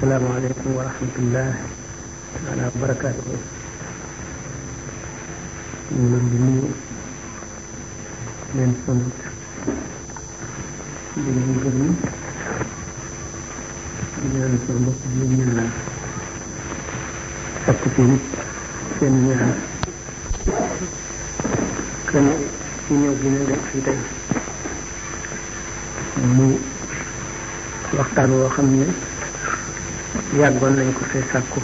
asalaamaaleykum wa rahmatullah taala wa barakaatuhu ñu leen leen sant di leen gërëm di ñaan sa mbokk di seen ñaan kenn ci ñëw gi ne rek fii tey muy waxtaan woo xam ne yàggoon nañ ko fee sàkku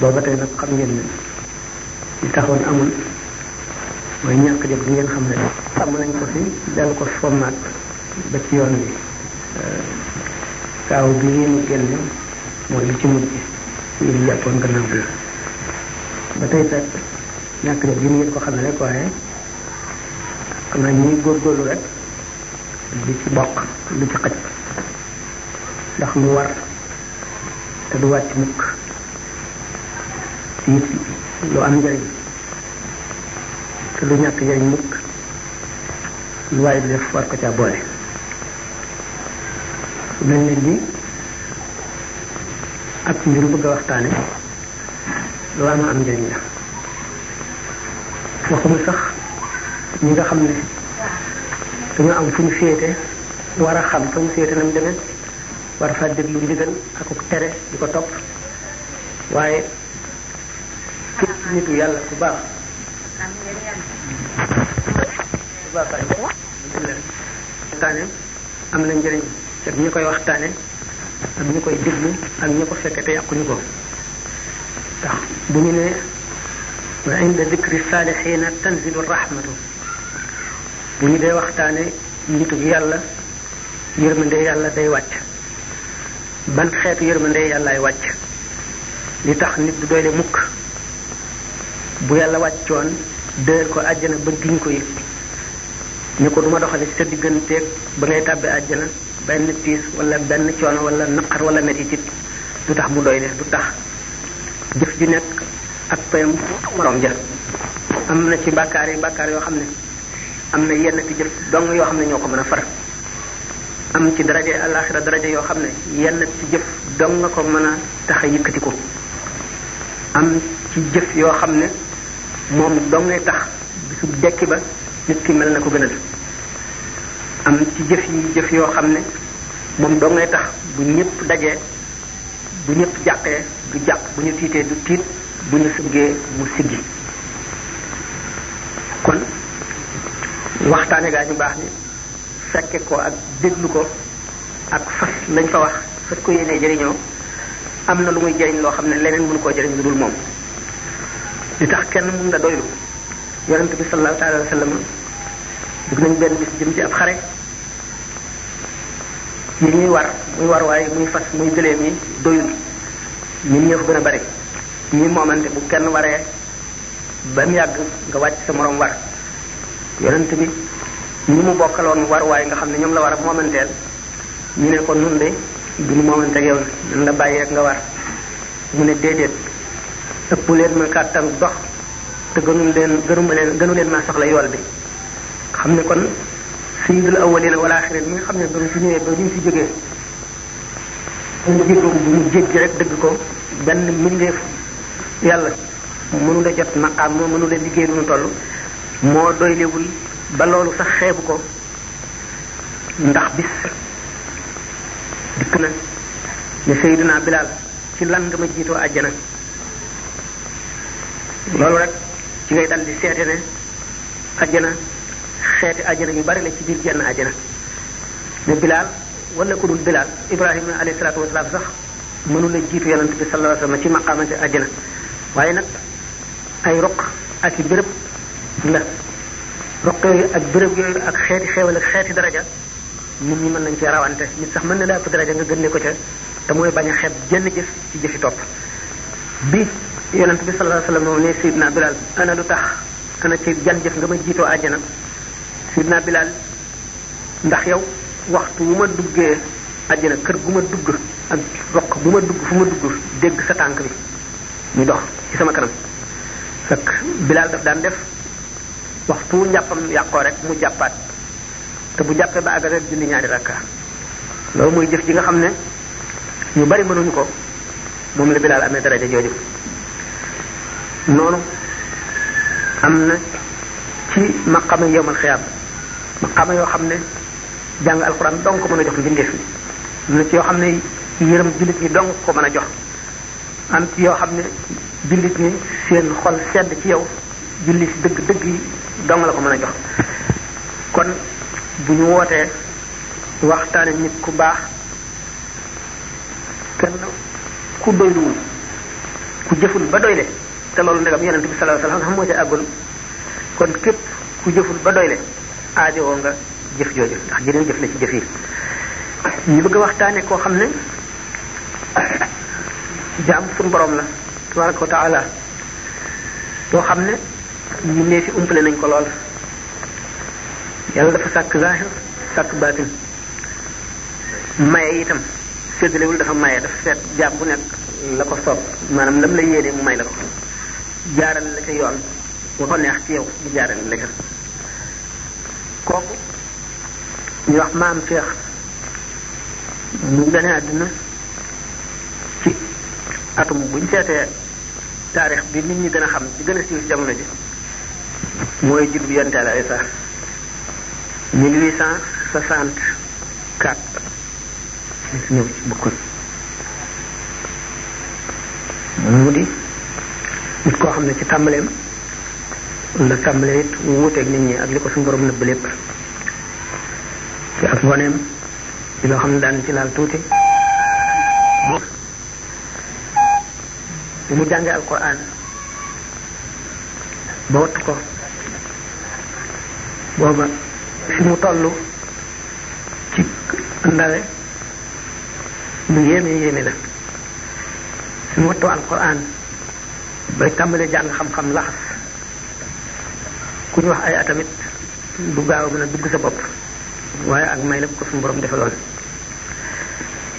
booba tey nag xam ngeen ne li taxoon amul mooy ñàkk jot bi ngeen xam ne sàmm nañ ko fi dal ko formaat ba ci yoon bi euh, kaaw bi ngeen génne mooy li ci mujj yi ñu jàppoon gannaaw bi ba tey fekk ñàkk jot bi ngeen ko xam ne rek waaye xam naa ñuy góorgóorlu rek di ci bokk lu ci xaj ndax mu war te du wàcc mit si lu am njëriñ te lu ñàkk njëriñ mukk lu waaye def war ko caa boole mel ne ni ak mbir bëgg a waxtaane lu am am njëriñ la waxuma sax ñi nga xam ne dañoo am fu ñu féete war a xam fa mu féete na mu war fa déglu ndigal akuk tere di ko topp waaye nitu yàlla ku baax ku baax waxtaane am na njëriñ ak koy waxtaane ak ñi koy déglu ak ñi ko fekke te yàquñu ko ndax bu ñu ne wa inda dikri saalihiina tanzilu rahmatu bu ñu dee waxtaane nitu yàlla yërmande yàlla day wàcc ban xeetu yërmande yàllaay wàcc li tax nit du doyle mukk bu yàlla wàccoon déer ko àjjana ba giñ ko yëg ni ko duma doxale ci sa digganteeg ba ngay tàbbi àjjana benn tiis wala benn coono walla naqar wala mettitit du tax mu doyle du tax jëf ju nekk ak payam morom ja am na ci bàkkaar yi bàkkaar yoo xam ne am na yenn ci jëf dong yoo xam ne ñoo ko mën a fara am ci daraje alaxira daraje yoo xam ne yenn ci jëf dong nga ko mën a tax a yëkkatiku am jëf yoo xam ne moom dong ngay tax bisu ba nit ki mel na ko gënal am ci jëf yi jëf yoo xam ne moom dong ngay tax bu ñëpp dajee bu ñëpp jàqee du jàq bu ñu tiitee du tiit bu ñu siggee mu siggi kon waxtaane gaa ñu baax ni fekke ko ak déglu ko ak fas lañ fa wax fas ko yéenee jëriñoo am na lu muy jëriñ loo xam ne leneen mënu koo jëriñ lu dul moom li tax kenn mun nga doylu yonent bi sallallahu taala wa sallam dugg nañ benn bis jëm ci ab xare yi ñuy war muy war waaye muy fas muy gëléem yi doyul ñun ñoo fa gën a bari ñi moomante bu kenn waree ba mu yàgg nga wàcc sa moroom war yonent bi ñi mu bokkaloon waruwaay nga xam ne ñoom la war a moomanteel ñu ne ko nun de duñu moomante yow nan la bàyyi rek nga war mu ne déedéet ëpp leen ma kàttan dox te gënu leen gënuma leen gënu leen maa soxla yool bi xam ne kon sayyidul awwalina wal axirin mi nga xam ne ba mu fi ñëwee ba ñu fi jógee jégg bu mu jéggi rek dëgg ko benn mbindeef yàlla mënu la jot maqaam moo mënu la liggéey lu nu toll moo doylewul ba loolu sax xeebu ko ndax bis dikk na ne Seydina Bilal ci lan nga ma jiitoo àjjana loolu rek ci ngay dal di seete ne àjjana xeeti àjjana yu bari la ci biir jenn àjjana ne Bilal wala ku dul Bilal Ibrahima alayhi salaatu wasalaam sax mënula jiitu yonent bi sallallahu alayhi wasallam ci maqaamante àjjana waaye nag ay roq ak i béréb la roqe yi ak bërëb yooyu ak xeeti xeewal ak xeeti daraja nit ñi mën nañ cee rawante nit sax mën na laa ëpp daraja nga gën ne ko ca te mooy bañ a xeeb jenn jëf ci jëfi topp bi yonent bi sallallahu alayhi wasallam moom ne Sidna Bilal lu tax ana ci jan jëf nga ma jiitoo àjjana Sidna bilaal ndax yow waxtu wu ma duggee àjjana kër gu ma dugg ak roq bu ma dugg fu ma dugg dégg sa tànk bi ñu dox ci sama kanam fekk Bilal daf daan def waxtu wu njàppam yàqoo rek mu jàppaat te bu jàppee ba àgg rek julli ñaari rakka loolu mooy jëf ji nga xam ne ñu bari mënuñu ko moom la Bilaal amee daraja jooju noonu am na ci maqama yowmal xiyaam maqama yoo xam ne jàng alxuraan dong mën a jox mbindeef mi am na ci yoo xam ne yërëm jullit ñi dong ko mën a jox am ci yoo xam ne jullit ñi seen xol sedd ci yow julli si dëgg dëgg yi dong la ko mën a jox kon bu ñu wootee waxtaane nit ku baax kenn ku doyluwul ku jëful ba doyle te loolu ndegam yonent bi sallallahu alayhi wasallam moo ci àggoon kon képp ku jëful ba doyle aajowoo nga jëf jooju ndax jëneen jëf la ci jëf yi ñu bëgg a waxtaane koo xam ne jaam suñu borom la tabaraka wa taala xam ne ñu ne fi umpale nañ ko lool yàlla dafa sàkk zahir sàkk baatin maye itam séddalewul dafa maye dafa seet jaam bu nekk la ko soob maanaam lam la yéene mu may la ko jaaral la ca yoon wa ko neex ci yow mu jaaral la kooku ñu wax maam Cheikh mu gane àdduna ci atum buñ seetee taarix bi nit ñi gën a xam ci gën a siiw ci jamono ji mooy juddub yonent Yàlla Isa 1864 ñëw ci bokkul mu di nit koo xam ne ci tàmbaleem la tàmbalee it wuuteeg nit ñi ak li ko suñu borom nëbb lépp ci ak ngoneem ci loo xam ne daan ci laal tuuti bi mu jàngee alquran ba wattu ko booba fi mu tollu ci ndawe lu yéeme yéeme la fi mu wattu alquran bay tàmbalee jàng xam-xam laxas ku ñu wax ay atamit du gaaw a mën a dugg sa bopp waaye ak may la bu ko suñu borom defaloon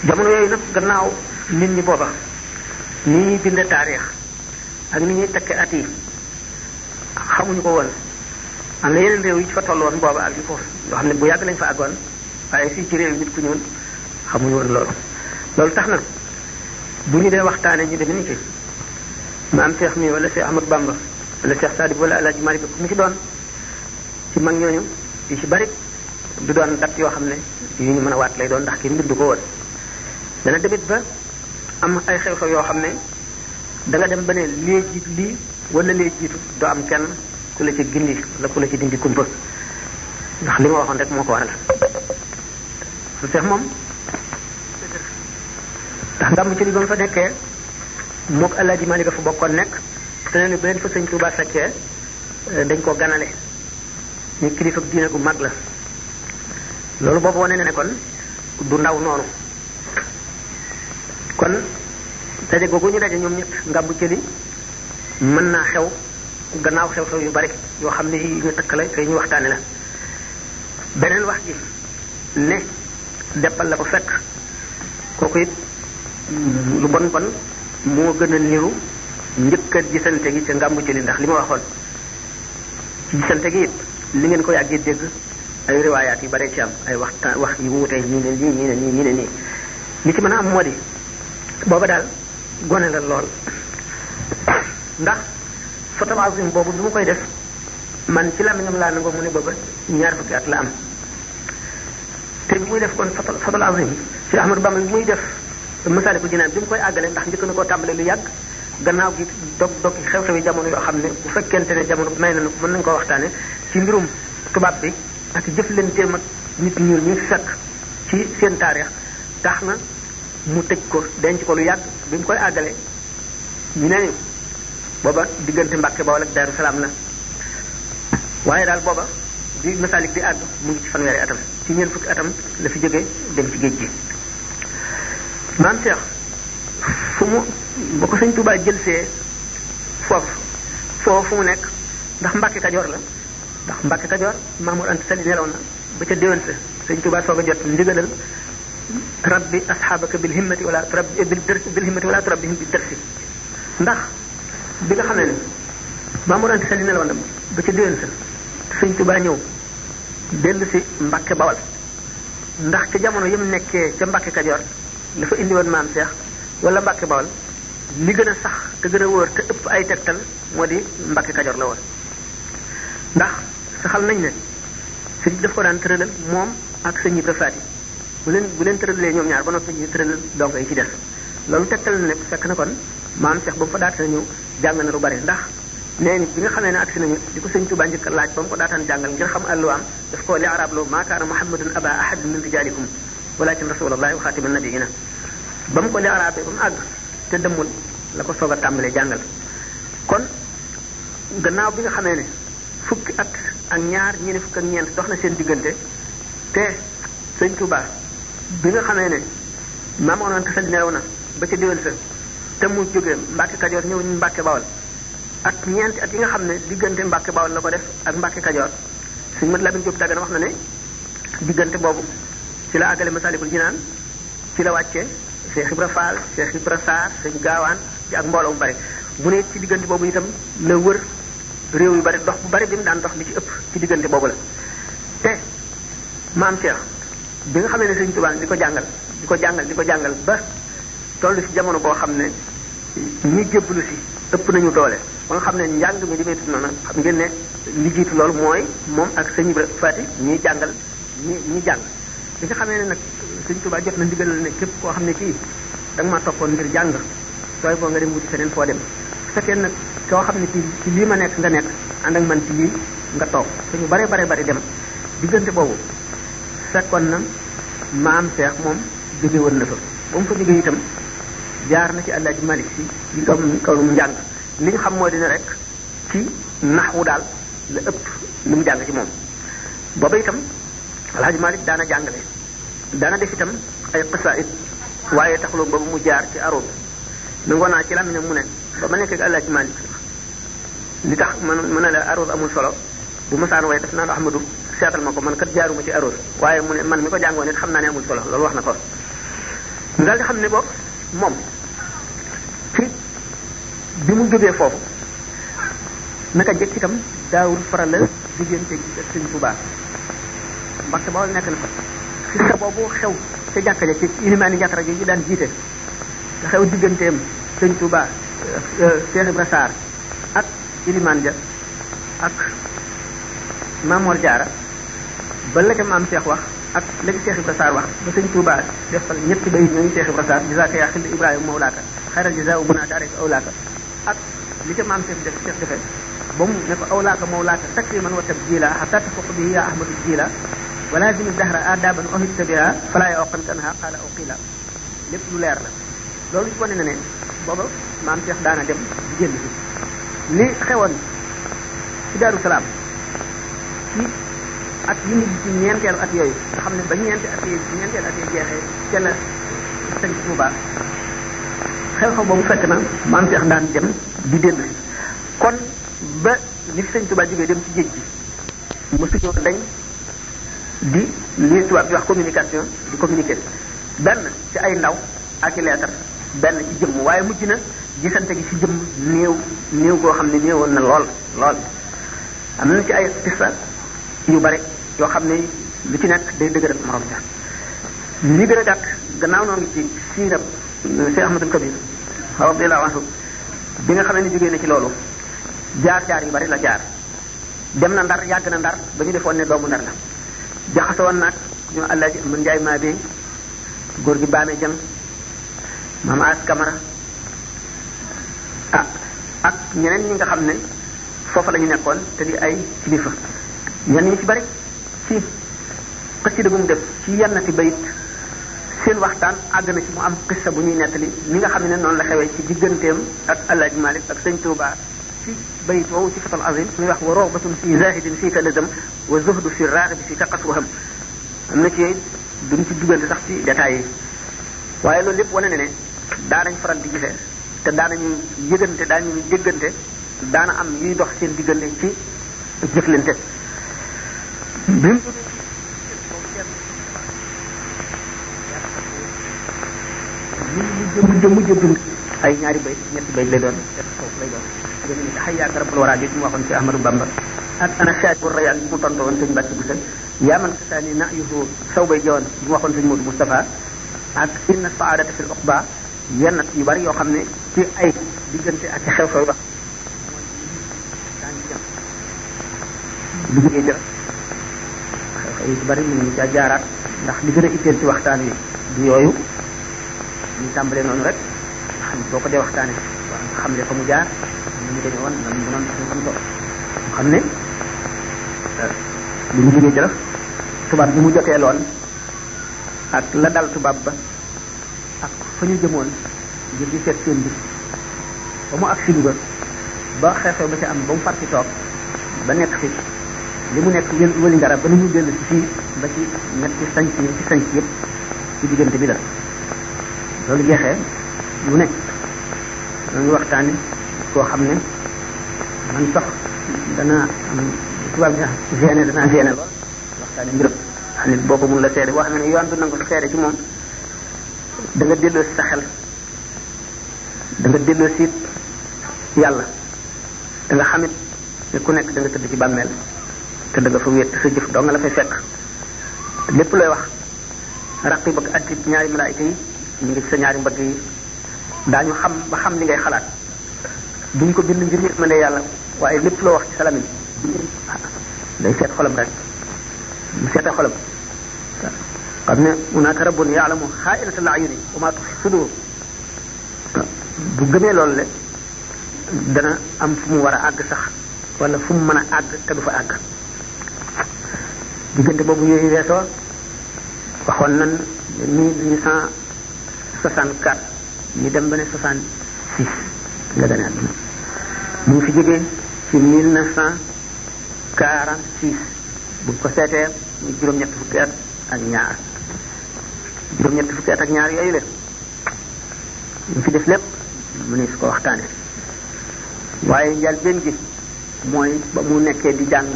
jamono yooyu nag gannaaw nit ñi booba ni ñuy binde taarix ak ni ñuy takke at yi xamuñu ko woon am na yeneen réew yi ci fa tolloon booba ak yu foofu yoo xam ne bu yàgg lañ fa àggoon waaye fii ci réew nit ku ñuul xamuñu woon loolu loolu tax na bu ñu dee waxtaanee ñu deme ni ki ma am Cheikh mi wala Cheikh Ahmad Bamba wala Cheikh Sadib wala El Hadj mu ci doon ci mag ñooñu yu ci bari du doon dat yoo xam ne yu ñu mën a waat lay doon ndax kii mbind ko woon dana demit ba am ay xew-xew yoo xam ne danga dem ba ne lii ji lii wala lee jiitu doo am kenn ku la ci gindi wala ku la ci dindi kumpa ndax li ma waxoon rek moo ko waral su seex moom ndax ngàmbu ci li ba moo fa nekkee moog Alaaji Maalik fa bokkoon nekk te ne eh, ni ba leen fa Tuubaa saccee dañ ko ganale ñu kilifa diine gu mag la loolu boobu wane ne ne du ndaw noonu kon daje googu ñu daje ñoom ñett ngàmbu cëli mën naa xew gannaaw xew-xew yu bari yoo xam ne yi ñu takk la te ñu waxtaane la beneen wax ji ne deppal la ko fekk kooku it lu bon bon moo gën a niru njëkk a gisante gi ca ngàmbu jëli ndax li ma waxoon ci gisante gi it li ngeen ko yàggee dégg ay riwaayaat yu bari ci am ay waxtaan wax yu wuute ñii ne lii ñii ne nii ñii ne nii li ci mën a am moo di booba daal gone la lool ndax foto azim boobu bi mu koy def man ci làmmiñam laa nangoo mu ne booba ñaar fukki at la am te bi muy def kon foto foto azim ci Ahmadu Bamba bi muy def Masaalikul Jinaan bi mu koy àggale ndax njëkk na koo tàmbale lu yàgg gannaaw gi dog dog xew-xewi jamono yoo xam ne bu fekkente ne jamono may nañu mën nañu koo waxtaane ci mbirum tubaab bi ak jëflanteem ak nit ñuul ñu sakk ci seen taarix tax na mu tëj ko denc ko lu yàgg bi mu koy àggale ñu booba diggante Mbàkke Bawol ak Daaru Salaam la waaye daal booba di masaalik di àgg mu ngi ci fanweeri atam ci ñeent fukki atam la fi jógee dem ci géej gi maam Cheikh fu mu ba ko sëñ Tuubaa jëlsee foofu foofu fu mu nekk ndax Mbàkke Kajoor la ndax Mbàkke Kajoor Maamur Anta Sali nelaw na ba ca déwén sa sëñ Tuubaa soog a jot ndigalal rabbi asxaabaka bil himmati wala turab bil himmati wala turabihim ndax bi nga xam ne ne Mamour Anta Sali nelawoon dem ba ca déwén sa Sëñ Tuubaa ñëw benn si Mbàkke Bawal ndax ca jamono yam nekkee ca Mbàkke Kajoor la fa indi woon maam Seex wala Mbàkke Bawal li gën a sax te gën a wóor te ëpp ay tegtal moo di Mbàkke Kajoor la woon ndax saxal nañ ne sëñ daf ko daan tëralal moom ak sëñ Ibra Faati bu leen bu leen tëralee ñoom ñaar ba noppi ñu tëralal dongo yi ci des loolu tegtal na ne fekk na kon maam Cheikh ba mu fa daata ñëw jàng na lu bari ndax nee ni bi nga xamee ne agsi nañu di ko sëñ Tuubaa njëkk laaj ba mu ko daataan jàngal ngir xam àllu am daf ko li arab loo maa kaana muhammadun aba ahad min rijaalikum walakin rasulallahi wa xaatiman nabiyina ba mu ko li arabee ba mu àgg te dëmmul la ko soog a tàmbalee jàngal kon gannaaw bi nga xamee ne fukki at ak ñaar ñi ne fukk ak ñeent dox na seen diggante te sëñ Tuubaa bi nga xamee ne maamoon ante sa nelaw na ba ca déwén te mu jóge Mbàkke Kajoor ñëw Mbàkke Bawol ak ñeenti yi nga xam ne diggante Mbàkke Bawol la ko def ak Mbàkke Kajoor suñu mat Lamin Jóob Dagana wax na ne diggante boobu ci la àggale Masaalikul Jinaan ci la wàcce Cheikh Ibra Fall Cheikh Ibra Sarr Sëñ Gaawaan ci ak mbooloo mu bari bu ne ci diggante boobu itam la wër réew yu bari ndox bu bari bi mu daan dox li ci ëpp ci diggante boobu la te maam Cheikh bi nga xamee ne Sëñ Tuubaa di ko jàngal di ko jàngal di ko jàngal ba toll jamono boo xam ne ñi jébbalu si ëpp nañu doole ba nga xam ne njàng mi li may tudd noonu xam ngeen ne li jiitu loolu mooy moom ak sëñ Ibra Fati ñuy jàngal ñi ñi jàng li nga xamee ne nag sëñ Tuubaa jot na ndigal ne képp koo xam ne kii da ma toppoon ngir jàng sooy boo nga dem wuti feneen foo dem su koo xam ne ci ci lii ma nekk nga nekk ànd ak man ci lii nga toog suñu bare bare bari dem diggante boobu kon na maam Seex moom jóge woon na fa ba mu fa jógee itam jaar na ci Alaaji Malik si ci doom mu njàng li xam moo dina rek ci naxwu daal la ëpp lu mu jàng ci moom booba itam Alaaji Malik daana jàngale daana def itam ay xisa it waaye tax taxuloo boobu mu jaar ci aroob nangoon a ci làmmiñam mu ne ba ma nekk ak Alaaji Malik li tax man mën na la aroob amul solo bu ma masaan way def naan Ahmadu seetal ma ko man kat jaaruma ci aroob waaye mu ne man mi ko jàngoon it xam naa ne amul solo loolu wax na ko mu daal di xam ne boobu moom kirib bi mu jógee foofu naka jëkk itam daawul faral diggante gi ak sëñ Tuubaa Mbàkke Bawol nekk na fa xissa boobu xew ca jàkka ja ci ilimaani jàkka ji ñu daan jiite te xew digganteem sëñ Tuubaa euh, euh, Cheikh Ibra Sarr ak ilimaan ja ak Mamoor Jaara ba la ca maam Cheikh wax ak lañ Cheikh Ibra Sarr wax ba sëñ Touba defal ñetti bay ñooñu Cheikh Ibra Sarr jazaaka yaa xilli Ibrahima mawlaaka xayral jazaa mën a daareek awlaaka ak li ca maam Cheikh def Cheikh defee ba mu ne ko awlaaka mawlaaka takriman wa tabjila xataa tafuq bi yaa ahmadu jila walaazim dahra adaban ohit tabiha falaa yawqan kanha qaala aw qiila lépp lu leer la loolu ci wane na ne booba maam Cheikh daana dem di li xewoon ci Daaru Salaam ak yu mujj ci ñeenteelu at yooyu nga xam ne ba ñeenti at yooyu ñeenteelu at yooyu jeexee ca la sëñ Tuubaa xew-xew boobu fekk na maam Cheikh daan dem di dellu si kon ba li fi sëñ Tuubaa jógee dem ci géej gi mosuñoo dañ di li tubaab di wax communication di communiquer benn ci ay ndaw ak i leetar benn ci jëmm waaye mujj na gisante gi ci jëmm néew néew koo xam ne néewoon na lool lool am na ci ay pista yu bare yoo xam ne lu ci nekk day dëgëral morom ja li gën a gàtt gannaaw noo ngi ci siirab euh, Cheikh Ahmadul Kabir radiyallahu anhu bi nga xam ne jógee na ci loolu jaar-jaar yu bari la jaar dem na ndar yàgg na ndar ba ñu defoon ne doomu ndar la jaxasoo woon nag ñu àllaji mën njaay maa góor gi baamee jëm mama kamara ah, ak ñeneen ñi nga xam ne foofa la ñu nekkoon te di ay kilifa ñenn ñi ci bari ci xasida bu mu def ci yennati bayit seen waxtaan àgg na ci mu am xissa bu ñuy nettali ni nga xam ne noonu la xewee ci digganteem ak Alaaji Malik ak sëñ Touba ci bayit woowu ci fatal azim muy wax wa robatun fi zahidin fii ka lazam wa zuhdu fi raaxibi fii ka qaswaham am na ci yooyu duñ ci duggante sax ci détails yi waaye loolu lépp wane ne ne daanañ faral di gisee te nañu yëgante daanañu jéggante daana am yuy dox seen diggante ci jëflante bim mu jëm mujj bind ay ñaari bay ñetti bay lay doon foofu lay doon jëmni taxayyaaka rabbul waraa ji mu waxoon ci Ahmadu Bamba ak ana shaakir rayaan bi mu tontu woon sëñ Mbàkke Busso yaa man kasaani na'yuhu saw bay jawoon mu waxoon sëñ Moodu Moustapha ak inna saadata fil uqba yenn yu bari yoo xam ne ci ay diggante ak ci xew-xew wax liggéey jëf yu bari mën nañu caa jaaraat ndax li gën a itteel ci waxtaan wi du yooyu ñu tàmbalee noonu ko dee waxtaane xam ne fa mu jaar nu mu demee ne li mu jógee jërëf tubaab mu jotee lool ak la dal tubaab ba ak fa ñu jëmoon ngir di seet seen bi ba mu ak si Louga ba xew ba ca am ba mu far ci toog ba nekk fi li mu nekk wël wëli ndara ba lu ñu dellu si fii ba ci ñetti sanc yi ci sanc yëpp ci diggante bi la loolu jeexee mu nekk dañu waxtaani koo xam ne man sax danaa am tubaab bi ah gêné danaa boo ko mun la seede boo xam ne yoon du nangu ci moom da nga delloo si sa xel da nga delloo si yàlla da xamit ne ku nekk da nga tëdd ci bàmmeel te da nga fa wéet sa jëf doo nga la fay fekk lépp looy wax raqib ak atid ñaari malaayika yi ñu ngi sa ñaari mbagg yi daañu xam ba xam li ngay xalaat duñ ko bind ngir yërmande yàlla waaye lépp loo wax ci salamin day seet xolam rek mu seeta xolam xam ne unaaka rabbun yaalamu xaainata laayuni wa maa tuxfi sudur bu gëmee loolu le dana am fu mu war a àgg sax wala fu mu mën a àgg te du fa àgg diggante boobu yooyu weesoo waxoon nan mille huit cent soixante quatre ñu dem ba ne soixante six la gën a àdduna mu ngi fi jógee ci mille neuf cent quarante six bu ko seetee muy juróom-ñett fukki at ak ñaar juróom-ñett fukki at ak ñaar yooyu la ñu fi def lépp mu ne su ko waxtaane waaye njëlbéen gi mooy ba mu nekkee di jàng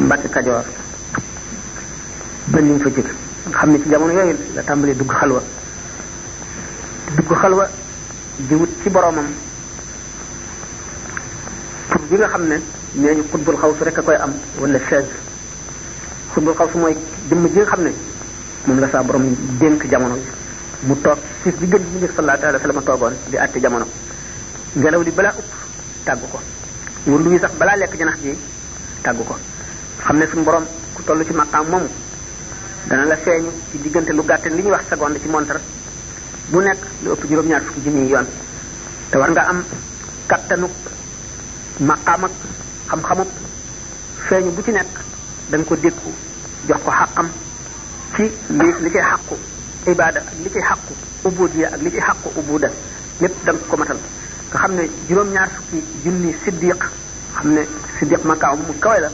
Mbacke Kajoor ba ni mu fa jóge nga xam ne ci jamono yooyu la tàmbalee dugg xalwa dugg xalwa di wut ci boromam tur bi nga xam ne nee ñu xutbul xaw su rek a koy am wala chaise xutbul xaw su mooy jëmm ji nga xam ne moom la saa borom dénk jamono mu toog ci bi gën bi mu njëkk sallallahu alayhi wa sallam toogoon di àtte jamono ngelaw li balaa upp tàggu ko wurlu yi sax balaa lekk janax ji tàggu ko xam ne suñu borom ku toll ci maqaam moomu dana la feeñu ci diggante lu gàtt li ñuy wax seconde ci montar bu nekk lu ëpp juróom-ñaar fukki junniy yoon te war am kattanu maqaam ak xam-xamub feeñu bu ci nekk da ko dékku jox ko xaqam ci li li ci xaqu da ko matal nga xam ne juróom junni siddiq xam ne siddiq maqaam mu kawe la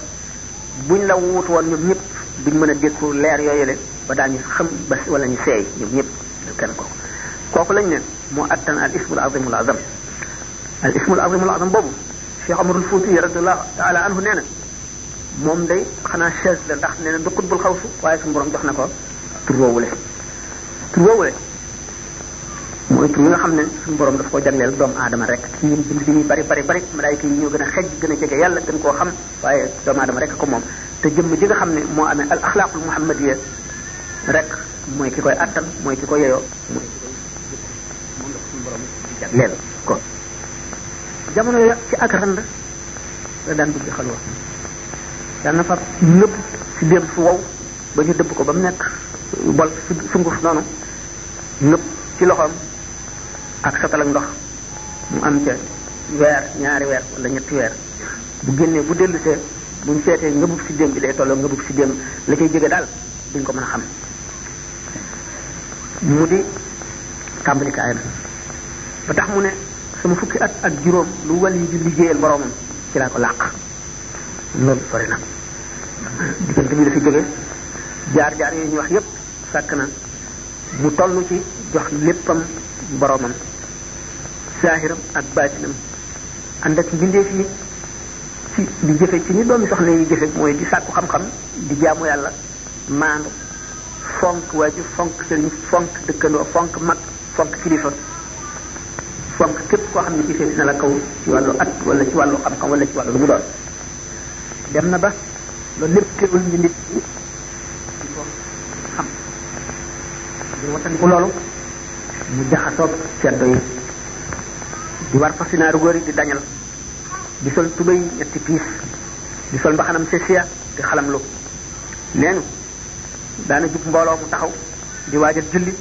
bu ñu la wut woon ñoom ñëpp duñ mën a dékku leer yooyu le ba daal ñu xam ba wala ñu seey ñoom ñëpp kenn kooku kooku lañ ne moo attan al ismul azimul azam al ismul azimul azam boobu Cheikh Amarul Fouti radiallahu taala anhu nee na moom de xanaa chaise la ndax nee na du xutbul xawsu waaye suñu borom jox na ko tur woowule mooy tur yi nga xam ne suñu borom daf ko jagleel doomu aadama rek ci bind yi bari bari bari malaayika yi ñoo gën a xej gën a jege yàlla gën koo xam waaye doomu aadama rek ko moom te jëmm ji nga xam ne moo amee al axlaaqul muhammadiya rek mooy ki koy attan mooy ki ko yeyoo mooy ki koy moom la suñu borom di jagleel kon jamono yo ci la daan wow ba ñu dëbb ko ba mu nekk bol sunguf noonu nëpp ci loxoom ak satal ndox mu am ca weer ñaari weer wala ñetti weer bu génnee bu dellusee buñ seetee nga bub si bi day tolloo nga bub si déem la koy jóge daal duñ ko mën a xam mu di tàmbali ba tax mu ne sama fukki at ak juróom lu wal yi di liggéeyal boroomam ci laa ko làq loolu sori na diggante bi la jóge jaar jaar yooyu ñu wax yépp sàkk na mu tollu ci jox léppam boroomam zaahiram ak baatinam ànd ak mbindeef yi ci di jëfe ci ni doomi soxna yi jëfe mooy di sàkku xam-xam di jaamu yàlla maandu fonk waajur fonk sëriñ fonk dëkkandoo fonk mag fonk kilifa fonk képp koo xam ne ci fees na la kaw ci wàllu at wala ci wàllu xam-xam wala ci wàllu lu mu doon dem na ba loolu lépp teewul ñu nit ñi mu jaxasoog ceddo yi di war fas sinaaru góor di dañal di sol tubéy ñetti di sol mbaxanam sesia di xalam lu neenu daana jub mbooloo mu taxaw di waajal julli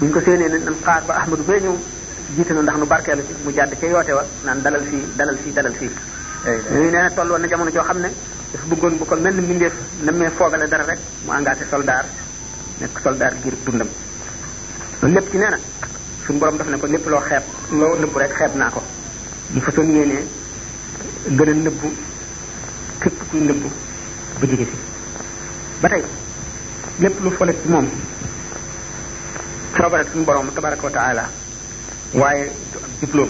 buñ ko séenee nañ xaar ba ahmadu bee ñëw jiita na ndax nu barkeelu ci mu jàdd ca yoote wa naan dalal fii dalal fii dalal fii ñuy nee na toll woon jamono joo xam ne dafa bëggoon bu ko mel ni mbindeef nemmee foogale dara rek mu engagé soldaar nekk soldaar ngir dundam lépp ci nee na suñu borom daf ne ko lépp loo xeeb loo nëbb rek xeeb naa ko mu fa seen yéene gën a nëbb képp kuy nëbb bu jige si ba tey lépp lu fole ci moom coobare suñu borom tabaraka wa taala waaye du ab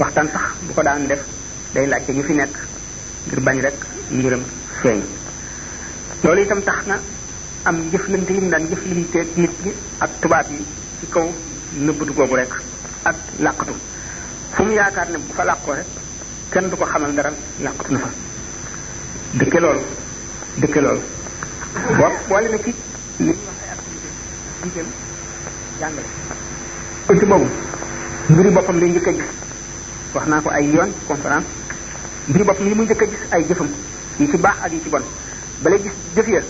waxtaan sax bu ko daan def day laajte ñu fi nekk ngir bañ rek mbiram feeñ loolu itam tax na am jëflante yi mu daan jëflanteeg nit ñi ak tubaab yi ci kaw nëbbatu googu rek ak làqatu fu mu yaakaar ne bu fa làqoo rek kenn du ko xamal dara làqatu na fa dëkke loolu dëkke loolu boo boobu mbiri boppam lay a gis wax naa ko ay yoon conférence mbiri boppam li mu njëkk a gis ay jëfam yi ci baax ak yi ci bon balay gis jëf ya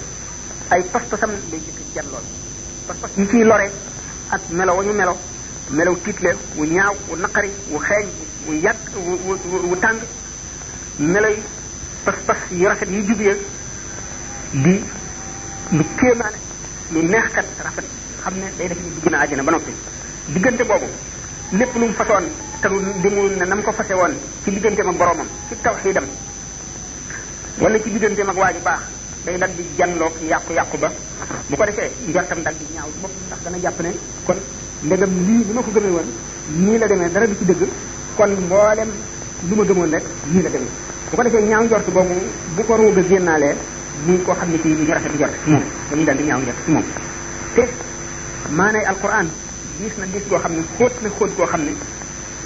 ay pas-pasam lay njëkk jar lool yi ciy lore ak melo wa ñu melo melaw tiitle wu ñaaw wu naqari wu xeeñ wu yàgg wu tàng melo yi pas-pas yu rafet yu jub yeeg di lu kéemaane lu neexkat rafet xam ne day def dugg na àjjana ba noppi diggante boobu lépp lu mu fasoon te lu demul ne na mu ko fase woon ci digganteem ak boroomam ci tawxiidam wala ci digganteem ak waa ju baax day dal di janloog yàqu-yàqu ba bu ko defee njortam dal di ñaaw bopp ndax dana jàpp ne kon ndegam lii li ma ko gëmee woon nii la demee dara du ci dëgg kon mboolem lu ma gëmoon rek nii la demee bu ko defee ñaaw njort boobu bu ko roog a génnaalee muy koo xam ne kii ñu rafet njort ci moom dañuy dal di ñaaw njort ci moom te maanay alquran diis na diis goo xam ne xóot na xóot koo xam ne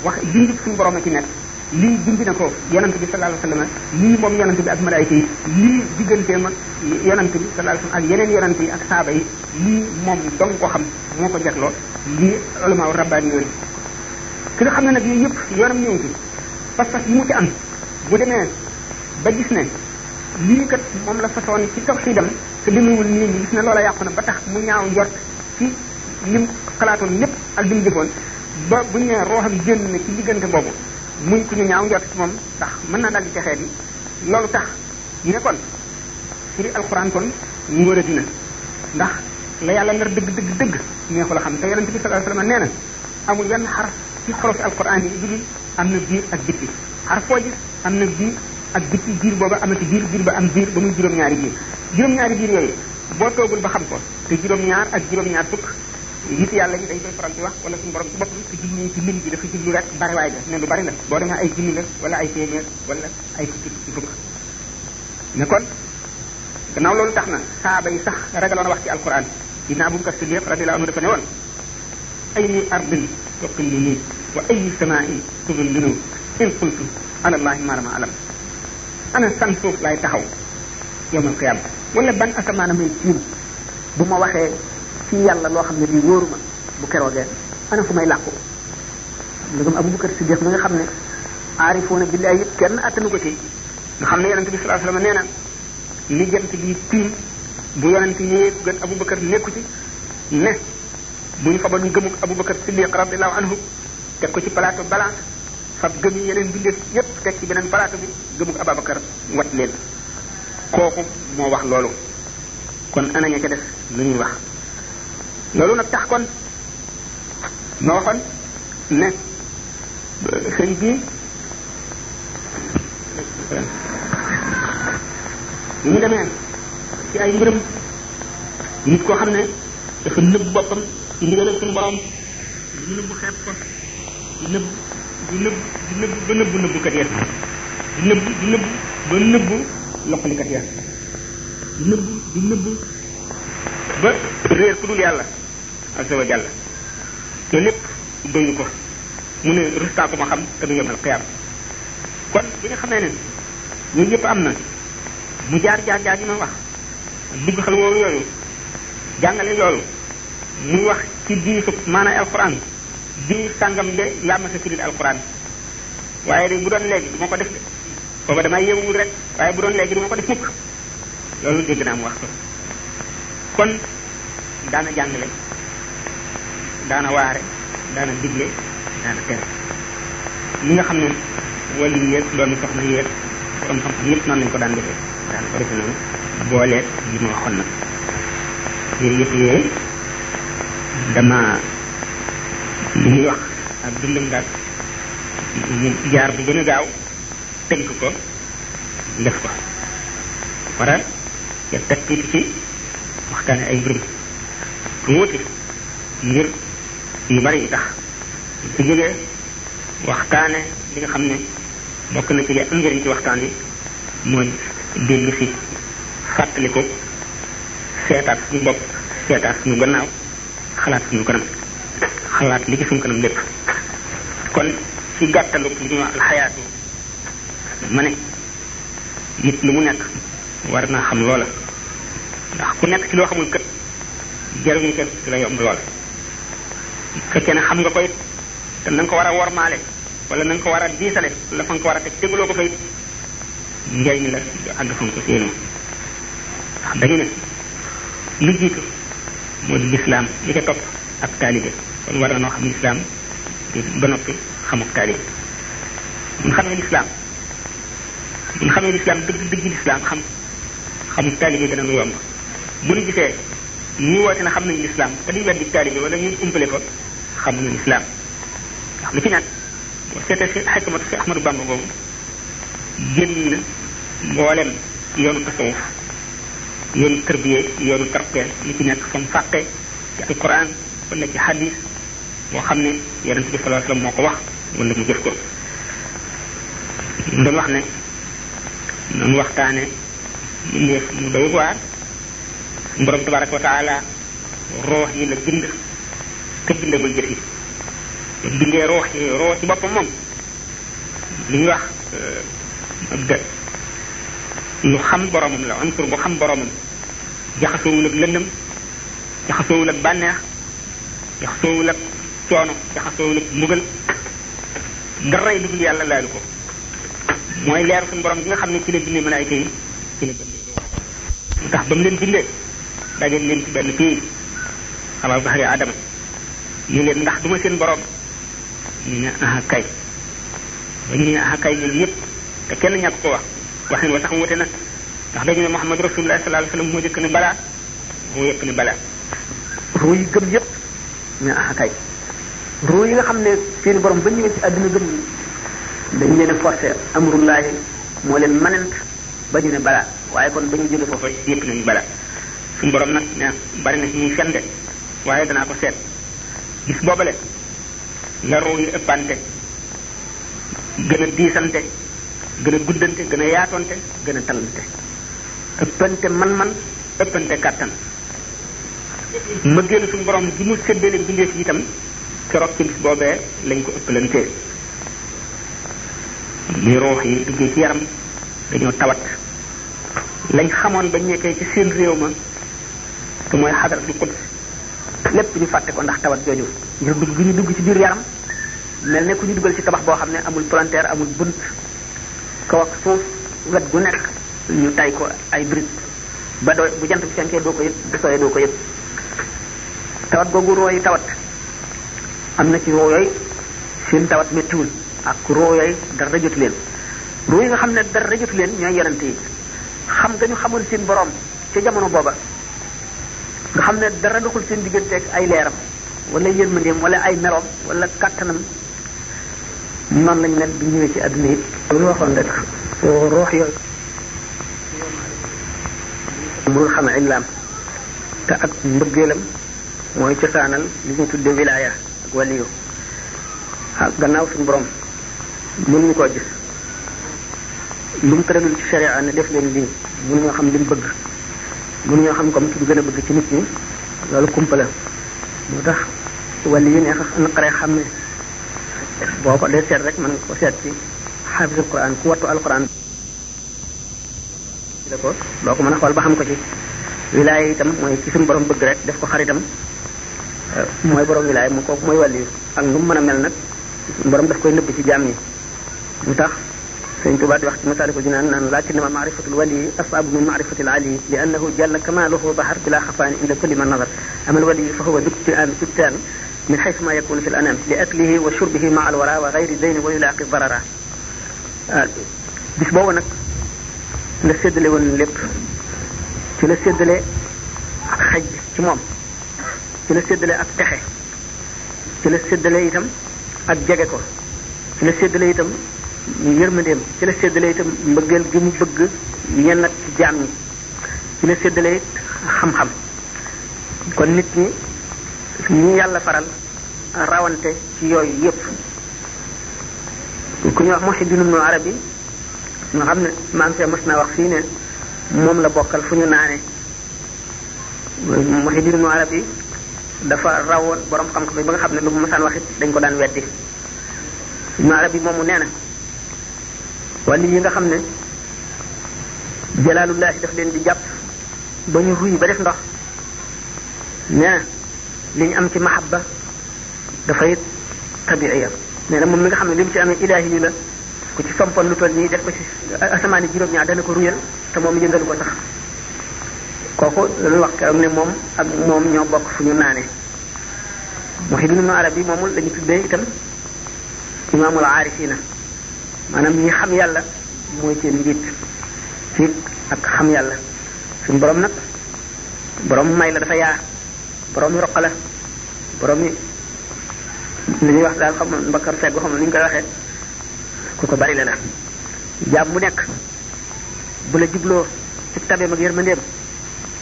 wax junjit suñu borom a ci nekk lii junj na ko yonent bi sallallahu alayhi wa sallam lii moom yonent bi ak malaayika yi lii digganteem ak yonent bi sallallahu alayhi wa sallam ak yeneen yonent yi ak saaba yi lii moom dong ko xam moo ko jagloo lii ulama rabbaani yoon ki nga xam ne nag yooyu yëpp yoonam ñëw ci pas-pas yi mu demee ba gis ne lii kat moom la façon ci tawxiidam te demewul nii ñu gis ne na ba tax mu ñaaw njort ci lim xalaatoon lépp ak lim jëfoon ba bu ñu nee rooxam génn na ci diggante boobu muñ ku ñu ñaaw njort ci moom ndax mën naa dal di texee bi loolu tax ne kon firi alxuraan kon ngóor dina ndax la yàlla nar dëgg dëgg dëgg neexu la xam te yonent bi sallallahu alayhi nee na amul yenn xaraf ci xorofi alxuraan yi am na biir ak bitti xaraf foo am na biir ak bitti biir booba amati biir biir ba am biir ba muy juróom-ñaari biir juróom-ñaari biir yooyu boo toogul ba xam ko te juróom-ñaar ak juróom-ñaar fukk yitt yàlla yi dañ koy faral di wax wala suñu borom ci boppam ci jublu ci lim bi dafa jublu rek bariwaay bi ne lu bari la boo demee ay junni la wala ay téeméer wala ay fukki fukk ne kon gannaaw loolu tax na saaba yi sax ragaloon a wax ci alquran dinaa bu ko siddiq radiyallahu anhu dafa ne woon ay ardin tuqilluni wa ay samain tudillunu in qultu ala allahi ma la ma alam ana san suuf laay taxaw yawmal qiyam wala ban asamaan may tiim bu ma waxee ci yàlla loo xam ne lii wóoru ma bu keroogee ana fu may làqu ndegam Abubakar Siddiq mi xam ne aarifoona billaay kenn attanu ko ci nga xam ne yonent bi sallallahu alayhi wasallam nee na li jant bi tiim bu yonent yi gën Abubakar nekku ci ne buñ faboon gëmug Abubakar Siddiq radiyallahu anhu ko ci plateau balance fab gëm yi yeneen bindeef yépp ci beneen plateau bi gëmug Abubakar wat leen kooku moo wax loolu kon ana ña ca def lu ñuy wax loolu na tax kon noo ne sëy bi li ñu ay mbiram nit koo xam ne dafa nëbb boppam ci ndigalal suñu borom di nëbb xeeb ko di nëbb di nëbb di nëbb ba nëbb nëbbkat yàlla azza wa jalla loolu lépp doyu ko mu ne résultat ko ma xam te du yomal xiyaam kon bi nga xamee ne am na mu jaar jaar jaar yi ma wax dugg xel woowu loolu muy wax ci biir suuf maanaam alquran biir sàngam de yaa ma sa firil alquran waaye de bu doon léegi du ko def de booba damay yéewul rek waaye bu doon léegi du ma ko def mukk loolu dégg naa mu wax ko kon daana jàngale daana waare daana digle daana tere li nga xam ne wàllu yéeg doomi soxna yéeg borom xam-xam yëpp ko daan defee yi ma waxoon nag ngir yëpp yooyu dama li muy wax ak dundam daal mu bu gën a gaaw tënk ko def ko wara ya teg tuuti ci waxtaane ay mbirum tuuti ngir yu bari yi tax su jógee waxtaane li nga xam ne bokk na ci li am njëriñ ci waxtaan yi mooy dellu si fàttali ko seetaat suñu bopp seetaat suñu gannaaw xalaat suñu kanam xalaat li ci suñu kanam lépp kon ci gàttalu li ñuy alxayaat yi ma ne nit lu mu nekk war naa xam loola ndax ku nekk ci loo xamul kët jaruñu kenn ci la yomb loola fekkee ne xam nga ko it te na nga ko war a wormaale wala na nga ko war a diisale wala fa nga ko war a teg tegloo ko fa it njariñ la du àgg fa nga ko séenu ndax dañu ne lu jiitu moo di lislaam li ca topp ak taalibe kon war na noo xam lislaam ba noppi xamuk taalibe mun xamee lislaam mun xamee lislaam dëgg dëgg lislaam xam xamuk taalibe dana nu yomb bu nu gisee ñuy woote na xam nañu lislaam te duñ weddi taalibe wala ñuy umpale ko xam-xamu lislaam ndax lu ci nekk boo seetee si xakamatu si Ahmadu boobu génn mboolem yoonu tasawuf yoonu tërbiyee yoonu tarqee lu ci nekk fa mu fàqee ci alquran wala ci xadis boo xam ne yonent bi sallallahu moo ko wax wala mu jëf ko mu wax ne noonu waxtaane mbindeef mu doy waar borom tabaraka wa taala roox yi la bind te bindagul jëf yi te bindee roox yi roo ci boppam moom li ñuy wax euh, da lu xam boromam la ansur bu xam boromam jaxasoowul ak lëndëm jaxasoowul ak bànneex jaxasoowul ak coono jaxasoowul ak mbugal daray dugul yàlla laalu ko mooy leeru suñu borom bi nga xam ne ci la bindee malaayka yi ci la bindee lu tax ba mu leen bindee dajal leen ci benn kii xalaa baxari adama ñu leen ndax duma seen borom ñu ne aha kay ba ñu ne aha kay ñun ñëpp te kenn ñàkk ko wax waxin wa na ndax dañu ne Muhammad Rasulullah sallallahu alayhi wa sallam moo jëkk ne balaa moo yëpp ne balaa ruu yi yëpp ne ah, kay ruu yi nga xam ne seen borom ba ñëwee ci àdduna gëm dañu leen forcé amrullahi moo leen manant ba ñu balaa waaye kon ba ñu jóge foofa yëpp nañu balaa suñu borom nag ne bari na ñuy fende waaye danaa ko seet gis boobale la roo yu ëppante gën a diisante gën a guddante gën a yaatoonte gën a talante ëppante man-man ëppante kàttan mbëggeelu suñu borom gi mu séddale bindeef itam keroog ci bis boobee lañ ko ëppalantee li roox yi duggee ci yaram dañoo tawat lañ xamoon bañ nekkee ci seen réew ma te mooy xadaratul quds lépp ñu fàtte ko ndax tawat jooju ngir dugg gi ñu dugg ci biir yaram mel ne ku ñu dugal ci tabax boo xam ne amul palanteer amul bunt kaw ak suuf wet gu nekk ñu tay ko ay brique ba doo bu jant bi fenkee doo ko yëpp bu sooyee doo ko yëpp tawat googu roo yi tawat am na ci roo yooyu seen tawat méttiwul ak roo yooyu dara jotu leen roo yi nga xam ne dara jotu leen ñooy yonent yi xam nga ñu xamoon seen boroom ci jamono booba nga xam ne dara doxul seen digganteeg ay leeram wala yërmandeem wala ay meroom wala kàttanam man lañ leen bi ci àdduna yi. li waxoon rek ruux yooyu. mënul xam illaam te ak mbëggeelam mooy cosaanal li ñu tudde wilaaya ak waliyu ah gannaaw suñu borom mënuñu koo gis lu mu tëralul ci sharia ne def leen lii mënuñoo xam li mu bëgg. mënuñoo xam comme ki ñu gën a bëgg ci nit ñi loolu kumpa la moo tax ci wàllu yi neex na xam ne boo ko dee seet rek man nga ko seet ci xaafisul quran ku wattu alquran ci la ko doo ko mën a xool ba xam ko ci wilaaya itam mooy ci suñu borom bëgg rek def ko xaritam eh, mooy borom wilaaya mu kooku mooy wàllu ak nu mu mën a mel nag borom daf koy nëbb ci jaam yi mu tax sëñ Tuubaa di wax ci Masaalikul Jinaan naan lakinna maarifatul wali asaabu min maarifatil ali li annahu jalla kamaaluhu bahar bila xafaani inda kulli man nazar amal wali fa huwa dukti an ibtaan min xaysu ma yakunu fi l anam li aklihi wa shurbihi ma al wara wa gayri dayni wa yulaaqi darara ah, bis boobu nag la séddale woon lépp ci la séddale ak xaj ci moom ci la séddale ak texe ci la séddale itam ak jege ko ci la séddale itam yërmandeem ci la séddale itam mbëggeel gi mu bëgg ñenn ak ci jaam ñi ci la séddale it xam-xam kon nit ñi ñi yàlla faral rawante ci yooyu yépp ku ñu wax Muhyiddin Ibn Arabi nga xam ne maam see mos naa wax fii ne moom la bokkal fu ñu naane Muhyiddin Ibn Arabi dafa rawoon borom xam-xam yi ba nga xam ne lu mu mosaan waxit dañ ko daan weddi Ibn moom mu nee na wàllu yi nga xam ne jalaalullaahi def leen di jàpp ba ñu ruy ba def ndox nee li am ci mahabba dafay tabiiya nee na moom mi nga xam ne li mu ci amee ilaahi yi la ku ci sompoon lu toll nii def ko ci asamaani juróom-ñaar dana ko ruyal te moom yëngalu ko sax kooku loolu wax keroog ne moom ak moom ñoo bokk fu ñu naane Muhyiddin Ibn Arabi moomul la ñu tuddee a imaamul aarifina maanaam ñi xam yàlla mooy seen njiit ci ak xam yàlla suñu borom nag borom may la dafa yaa borom yi roq la borom yi li ñuy wax daal xam nga mbakkar feggu xam nga ni ñu koy waxee ku ko bari la la jaam bu nekk bu la jubloo ci tabeem ak yërmandeem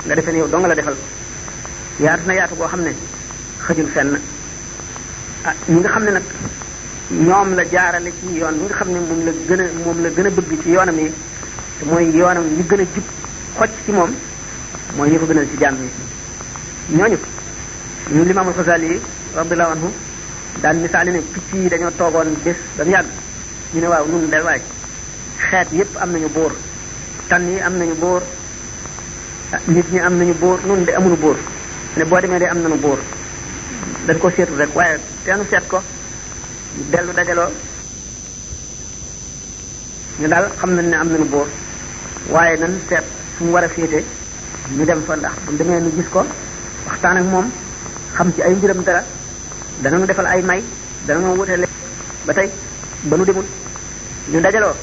nga defee ne yow dong la defal yaatu na yaatu boo xam ne xëjul fenn ah ñi nga xam ne nag ñoom la jaarale ci yoon bi nga xam ne moom la gën a moom la gën a bëgg ci yoonam yi te mooy yoonam ñu gën a jub xocc ci moom mooy ñi ko gënal ci jàmm yi ñooñu ñu limaamul xasaali yi radiyallahu anhu daan misaali ne picc yi dañoo toogoon bés ba yàgg ñu ne waaw nun de waaj xeet yépp am nañu bóor tan yi am nañu bóor nit ñi am nañu bóor nun de amuñu bóor ne boo demee de am nañu bóor dañ ko seetu rek waaye teenu seet ko ñu dellu dajaloo ñu daal xam nañ ne am na nañu boo waaye nan seet fu mu war a féete ñu dem fa ndax bu demee ñu gis ko waxtaan ak moom xam ci ay mbiram dara danañu defal ay may danañu wutale ba tey ba nu demul ñu dajaloo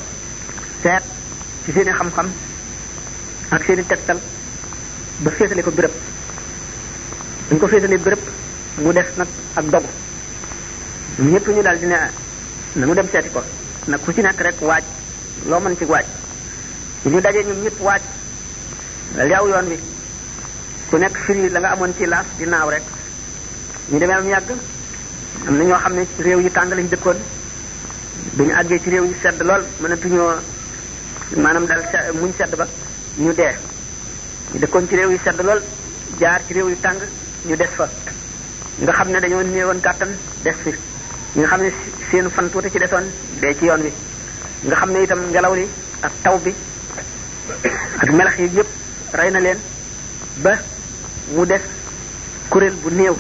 seet ci seeni xam-xam ak seeni tegtal ba féetale ko bërëb dañ ko féetale bërëb mu def nag ak dogu ñëpp ñu daal di ne na mu dem seeti ko nag ku ci nekk rek waaj loo mën ci waaj ñu daje ñoom ñëpp waaj dal di yoon wi ku nekk firi la nga amoon ci laas di naaw rek ñu demee am yàgg am na ñoo xam ne réew yi tàng lañ dëkkoon bi ñu àggee ci réew yi sedd lool mën mënatuñoo maanaam daal muñ sedd ba ñu dee ñu dëkkoon ci réew yu sedd lool jaar ci réew yu tàng ñu des fa nga xam ne dañoo néewoon kàttan des fi ñi nga xam ne seen fan ci desoon dee ci yoon wi nga xam ne itam ngelaw li ak taw bi ak melax yi yëpp rey na leen ba mu des kuréel bu néew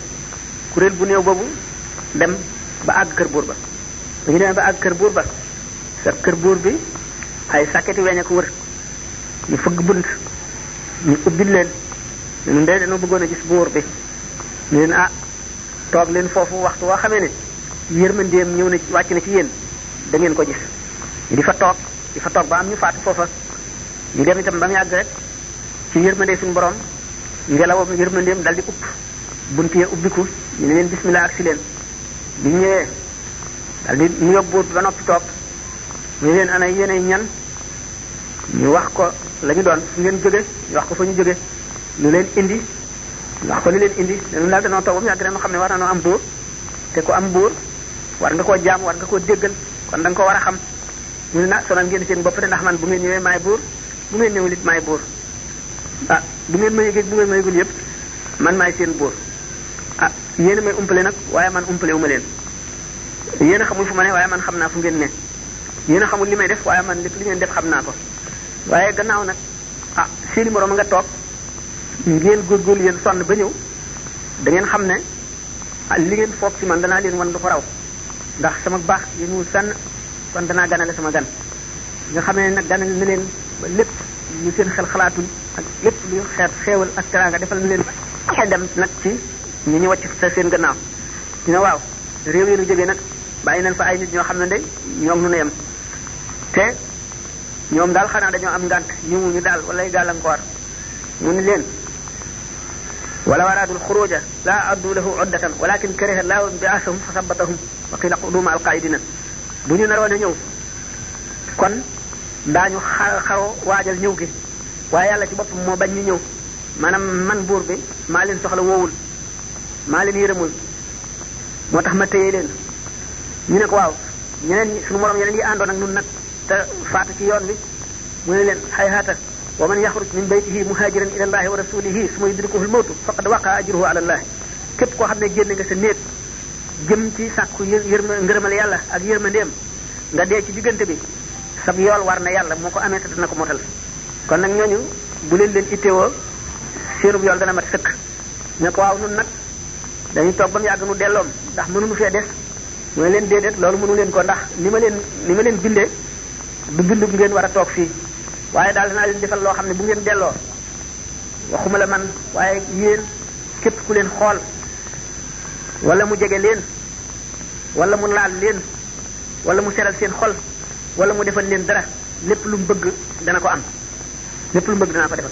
kuréel bu néew boobu dem ba àgg kër buur ba bu ñu demee ba kër buur bi ay sàkketi weñ ko wër ñu fëgg bunt ñu ubbil leen ñun de dañoo bëggoon a gis buur bi ñu leen ah toog leen foofu waxtu woo xamee ne yërmandeem ñëw na wàcc na ci yéen da ngeen ko gis ñu di fa toog di fa toog ba am ñu faatu foofa ñu dem itam ba mu yàgg rek ci yërmande suñu borom ngelawam yërmandeem dal di upp bunt yee ubbiku ñu ne leen bismillah ak si leen bi ñëwee dal di nuyoo buur ba noppi toog ñu leen ana ñan ñu wax ko la doon ngeen jóge ñu ko fa ñu jóge lu leen indi ñu li leen indi dañu daal danoo toog ba mu yàgg rek ma xam ne war na noo am buur te ko am buur war nga koo jaam war nga koo déggal kon da ko war a xam ñu ne na ah, sonal ngeen seen bopp de ndax man bu ngeen ñëwee maay buur bu ngeen ñëwul it maay buur ah bu ngeen may yëgee bu yëgul yëpp man maay seen buur ah yéen a may umpale nag waaye man umpale wu leen yéen a xamul fu ma ne waaye man xam naa fu ngeen ne yéen a xamul li may def waaye man lépp li ngeen def xam naa ko waaye gannaaw nag ah seeni moroom nga toog ngeen góorgóorlu yéen sonn ba ñëw da ngeen xam ne ah li ngeen foog ci man danaa leen wan lu ko raw ndax sama baax yu nuul fenn kon danaa ganale sama gan nga xamee nag ganal na leen ba lépp lu seen xel xalaatul ak lépp luy xeet xeewal ak teraanga defal na leen xel dem nag ci ñu ñu wàcc sa seen gannaaw dina waaw réew yi nu jógee nag bàyyi nañ fa ay nit ñoo xam ne de ñoo ngi nu ne yem te ñoom daal xanaa dañoo am ngànt ñëwuñu daal wala ay gàllankoor mu ni leen wala waraadul xuruja laa addu lahu uddatan walakin kariha laahu bi'aasahum fa sabbatahum wa qila qudu ma alqaidina bu ñu naroon a ñëw kon ñu xa xaw waajal ñëw gi waaye yàlla ci boppam moo bañ ñu ñëw maanaam man buur bi maa leen soxla woowul maa leen yërëmul moo tax ma téye leen ñu ne ko waaw ñeneen ñi suñu morom yeneen yi àndoon ak nun nag te faatu ci yoon wi mu ne leen hayhata wa man yaxruj min baytihi muhajiran ila allahi wa rasulihi suma yudrikuhu al mawtu faqad waqa ajruhu ala allah képp koo xam ne génn nga sa néeg jëm ci sàkku yërma ngërëmal yàlla ak yërmandeem nga dee ci diggante bi sab yool war na yàlla moo ko amee te dina ko motal kon nag ñooñu bu leen leen itteewoo seenub yool dana mat sëkk ne ko waaw nun nag dañu toog ba mu yàgg nu delloom ndax mënuñu fee des mooy leen déedéet loolu mënu leen ko ndax ni ma leen ni ma leen bindee bu bindu bu ngeen war a toog fii waaye daal danaa leen defal loo xam ne bu ngeen delloo waxuma la man waaye yéen képp ku leen xool wala mu jege leen wala mu laal leen wala mu seral seen xol wala mu defal leen dara lépp lu mu bëgg dana ko am lépp lu mu bëgg dana ko defal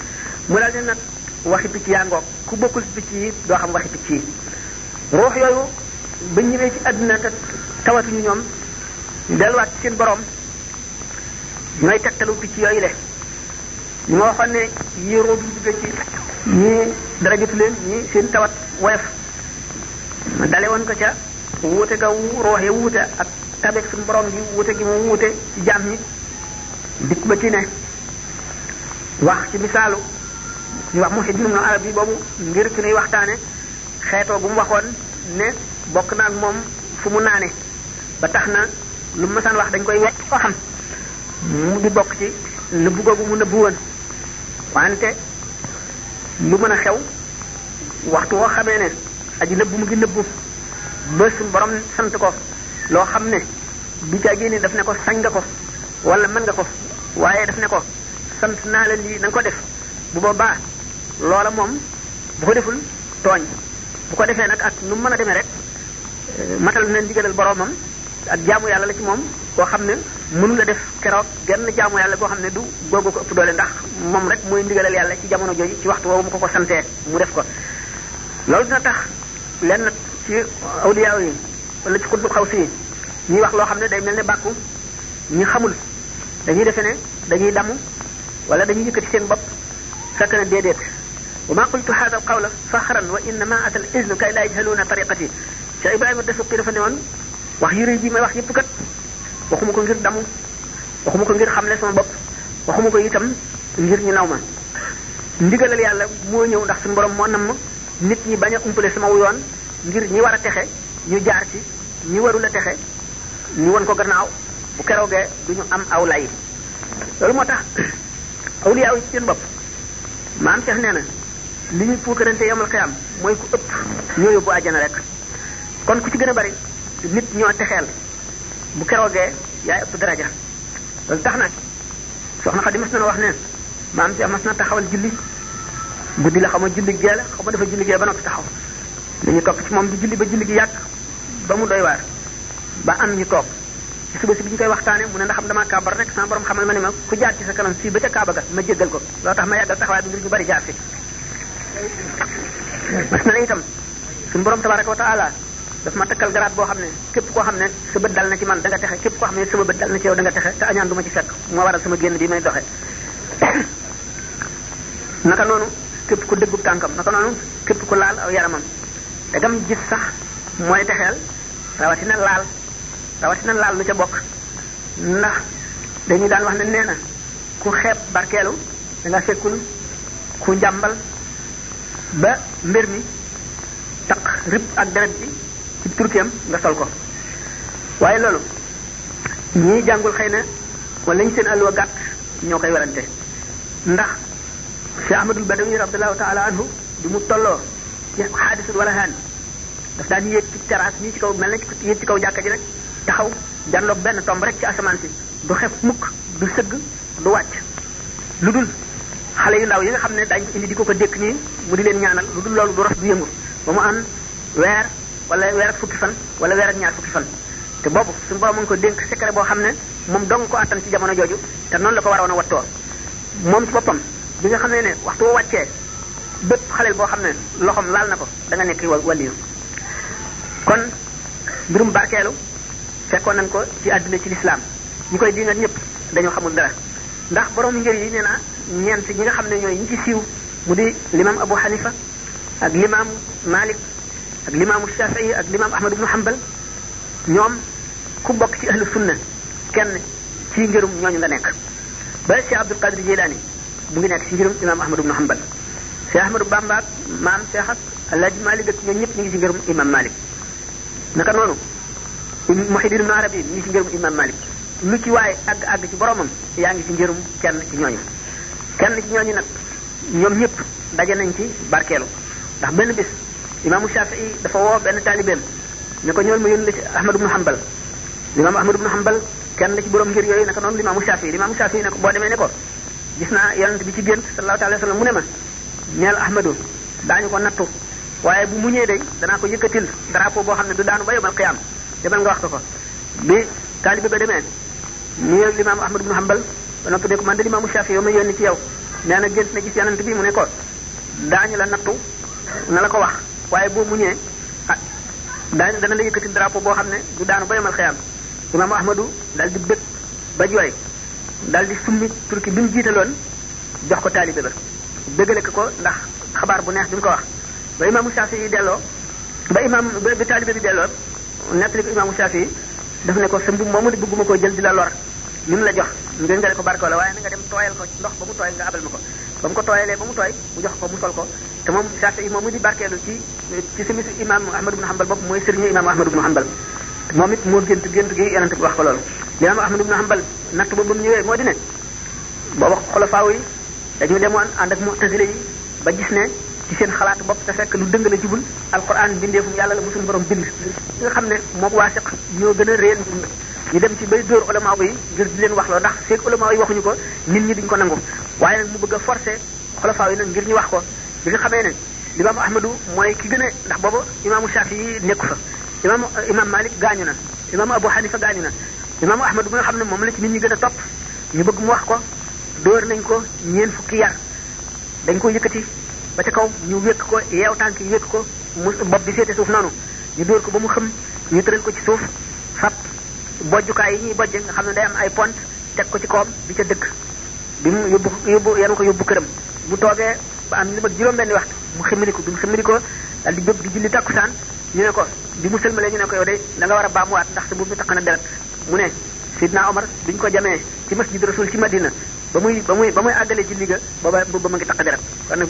mu daal ne nag waxi picc yaa ngoog ku bokkul ci picc yi doo xam waxi picc yi ruux yooyu ba ñëwee ci àddina te tawatuñu ñoom delluwaat ci seen boroom ñooy tegtalu picc yooyu le ñoo xam ne yii roobu jóge ci ñii dara jotu leen ñii seen tawat woyof dale woon ko ca wuute ga rooxe wuute ak tabek suñu borom gi wuute gi mu wuute ci jaam ñi dikk ba ci ne wax ci misaalu ñu wax Muhyiddin Ibn Arabi boobu ngir ki nuy waxtaane xeetoo gu mu waxoon ne bokk naa ak moom fu mu naane ba tax na lu mësaan wax dañ koy wecc ko xam mu di bokk ci nëbbu googu mu nëbbu woon wante lu mën a xew waxtu woo xamee ne aji nëbbu mu ngi nëbbu ba suñu borom sant ko loo xam ne du caagee ni daf ne ko sañ nga ko wala mën nga ko waaye daf ne ko sant naa la lii na ko def bu boobaa loola moom bu ko deful tooñ bu ko defee nag ak nu mën a demee rek eh, matal na ndigalal boromam ak jaamu yàlla la ci moom koo xam ne mënu la def keroog genn jaamu yàlla koo xam ne du googu ko ëpp doole ndax moom rek mooy ndigalal yàlla ci jamono jooju ci waxtu woowu mu ko ko santee mu def ko loolu dina lenn ci awliyaaw yi wala ci xutbu xaw si ñuy wax loo xam ne day mel ne bàkku ñi xamul dañuy defe ne dañuy damm wala dañuy yëkkati seen bopp fekk na déedéet wa ma qultu hada al qawla faxran wa innama ata al iznu kay laa yajhaluuna tariqati Cheikh Ibrahima Dasuqi dafa ne woon wax yu rëy ji may wax yëpp kat waxumu ko ngir damu waxuma ko ngir xam xamle sama bopp waxuma ko itam ngir ñi naw ma ndigalal yàlla moo ñëw ndax suñu borom moo nam ma nit ñi bañ a umpale sama yoon ngir ñi war a texe ñu jaar ci ñi warul a texe ñu won ko gannaaw bu keroogee du ñu am aw lay loolu moo tax awliyaaw yi ci seen bopp maam Cheikh nee na li ñuy puukarante yamal xiyam mooy ku ëpp ñoo yóbbu àjjana rek kon ku ci gën a bari nit ñoo texeel bu keroogee yaay ëpp daraja loolu tax nag soxna Xadi mas na wax ne maam Cheikh mas na taxawal julli guddi la xam ma julli gee la xam dafa julli gee ba noppi taxaw li ñu topp moom di julli ba julli gi yàgg ba mu doy waar ba am ñu toog ci suba si bi ñu koy waxtaanee mu ne ndax xam damaa kaabar rek sama borom xamal ma ne ma ku jaar ci sa kanam fii ba ca kaaba ga ma jéggal ko loo tax ma yàggal taxawaay bi ngir ñu bari jaar fi mas na ne itam suñu borom tabaraka wa taala daf ma takkal garaat boo xam ne képp koo xam ne sa bët dal na ci man da nga texe képp koo xam ne sama bët dal na ci yow da nga texe te añaan du fekk moo waral sama génn bi may doxe naka noonu képp ku dëggub tànkam naka noonu képp ku laal aw yaramam te gam gis sax mooy texeel rawatina laal rawatina laal lu ca bokk ndax dañuy daan wax ne nee na ku xeeb barkeelu da nga fekkul ku njàmbal ba mbir mi taq rip ak deret bi ci turkeem nga sol ko waaye loolu ñii jàngul xëy na wala ñu seen àlluwa gàtt ñoo koy werante ndax Cheikh Ahmadul Badawi radiyallahu taala anhu bi mu tolloo ci xaadisul wala haan daf daan yéeg ci terrasse nii ci kaw mel na ci yéeg ci kaw jàkka ji rek taxaw janloog benn tomb rek ci asamaan si du xef mukk du sëgg du wàcc lu dul xale yu ndaw yi nga xam ne daañu indi di ko ko dékk nii mu di leen ñaanal lu dul loolu du ros du yëngu ba mu am weer wala weer ak fukki fan wala weer ak ñaar fukki fan te boobu suñu borom mu ngi ko dénk secret boo xam ne moom dong ko ci jamono jooju te noonu la ko waroon a wattoo moom ci boppam bi nga xamee ne waxtu wàccee bépp xaleel boo xam ne loxoom laal na ko da nekk waliyu kon mbirum barkeelu fekkoon nañ ko ci àdduna ci lislaam ñi koy dingat ñépp dañoo xamul dara ndax borom njër yi nee na ñeent ñi nga xam ne ñooy ñi ci siiw mu di limaam Abu Hanifa ak limaam Malik ak limaamu Shafii ak limaam Ahmad ibnu Hanbal ñoom ku bokk ci ahlu sunna kenn ci ngërum ñooñu nga nekk ba Cheikh Abdul Qadir Jilani mu ngi nekk ci ngirum imam ahmad ibn hanbal see ahmadou bamba ak maam cheikh ak alaaji malik ak ñoom ñëpp ñu ngi ci ngirum imam malik naka noonu muhiddin ibn arabi mi ngi ci ngirum imam malik lu ci waaye àgg àgg ci boromam yaa ngi ci ngirum kenn ci ñooñu kenn ci ñooñu nag ñoom ñëpp daje nañ ci barkeelu ndax benn bis imaamu shafii dafa woo benn taalibeem ne ko ñëwal ma yónni la ci ahmad ibn hanbal limaamu ahmad ibn hanbal kenn la ci borom ne ko boo demee ne gis naa yonent bi ci gént sallallahu alayhi wa mu ne ma neel ahmadu daañu ko nattu waaye bu muñee day danaa ko yëkkatil drapeau boo xam ne du daanu ba yomal xiyaam demal nga wax ko ko bi taalibe ba demee mu yëg limaamu ahmad ibnu hambal ba noppi ne ko man de limaamu shafi yow ma yónni ci yow nee na gént na gis yonent bi mu ne ko daañu la nattu na la ko wax waaye boo muñee ah daañu dana la yëkkatil boo xam ne du daanu ba yomal xiyaam imaamu ahmadu daal di bëgg ba jooy daal di summi turki bi mu jiitaloon jox ko taalibe ba dëggale ko ko ndax xabaar bu neex bi mu ko wax ba imaamu Shaafi yi delloo ba imaam ba taalibe bi delloo nettali ko imaamu Shaafi yi daf ne ko sa mbir moomu de bëgguma koo jël di la lor li mu la jox ngëngale ko barkoo la waaye na nga dem tooyal ko ndox ba mu tooy nga abal ma ko ba mu ko tooyalee ba mu tooy mu jox ko mu sol ko te moom Shaafi yi moom mu di barkeelu ci ci semisu imaamu Ahmad ibn Hanbal bopp mooy sëriñu imaamu Ahmad ibn Hanbal moom it moo gént gént gi yonent bi wax ko loolu limaam Ahmad ibn Hanbal natt boobu mu ñëwee moo di ne booba xolofaaw yi dañu demoon ànd ak mu'tazila yi ba gis ne ci seen xalaatu bopp te fekk lu dëng la jibul al alquran bindeefum yàlla la bu suñu borom bind li nga xam ne moom waa siq ñoo gën a réer ñu dem ci bay dóor ulama yi ngir di leen wax loo ndax seen ulama yi waxuñu ko nit ñi duñ ko nangu waaye nag mu bëgg a forcé xolofaaw yi nag ngir ñu wax ko bi nga xamee ne limaamu ahmadu mooy ki gën ndax boobu imaamu Shafi yi nekku fa imaamu imaam Malik gaañu na imaamu Abu Hanifa gaañu na imaamu ahmad bi nga xam ne moom la ci nit ñi gën a topp ñu bëgg mu wax ko dóor nañ ko ñeen fukki yar dañ ko yëkkati ba ca kaw ñu wékk ko yeew tànk yi wékk ko mu bopp bi féete suuf noonu ñu dóor ko ba mu xëm ñu tëral ko ci suuf fab bojjukaay yi ñuy bojj nga xam ne day am ay pont teg ko ci kawam bi ca dëkk bi mu yóbbu yóbbu yanu ko yóbbu këram bu toogee ba am li mag juróom benni waxtu mu ximmiliku bi mu ximmiliku daal di jóg di julli takkusaan ñu ne ko bi mu sëlmalee ñu ne ko yow de da war a baamuwaat ndax sa buub bi taq na deret mu ne Sidna Omar biñ ko jamee ci masjid rasul ci Madina ba muy ba muy ba muy àggale ci liga ba ba ba mu ngi taq deret kon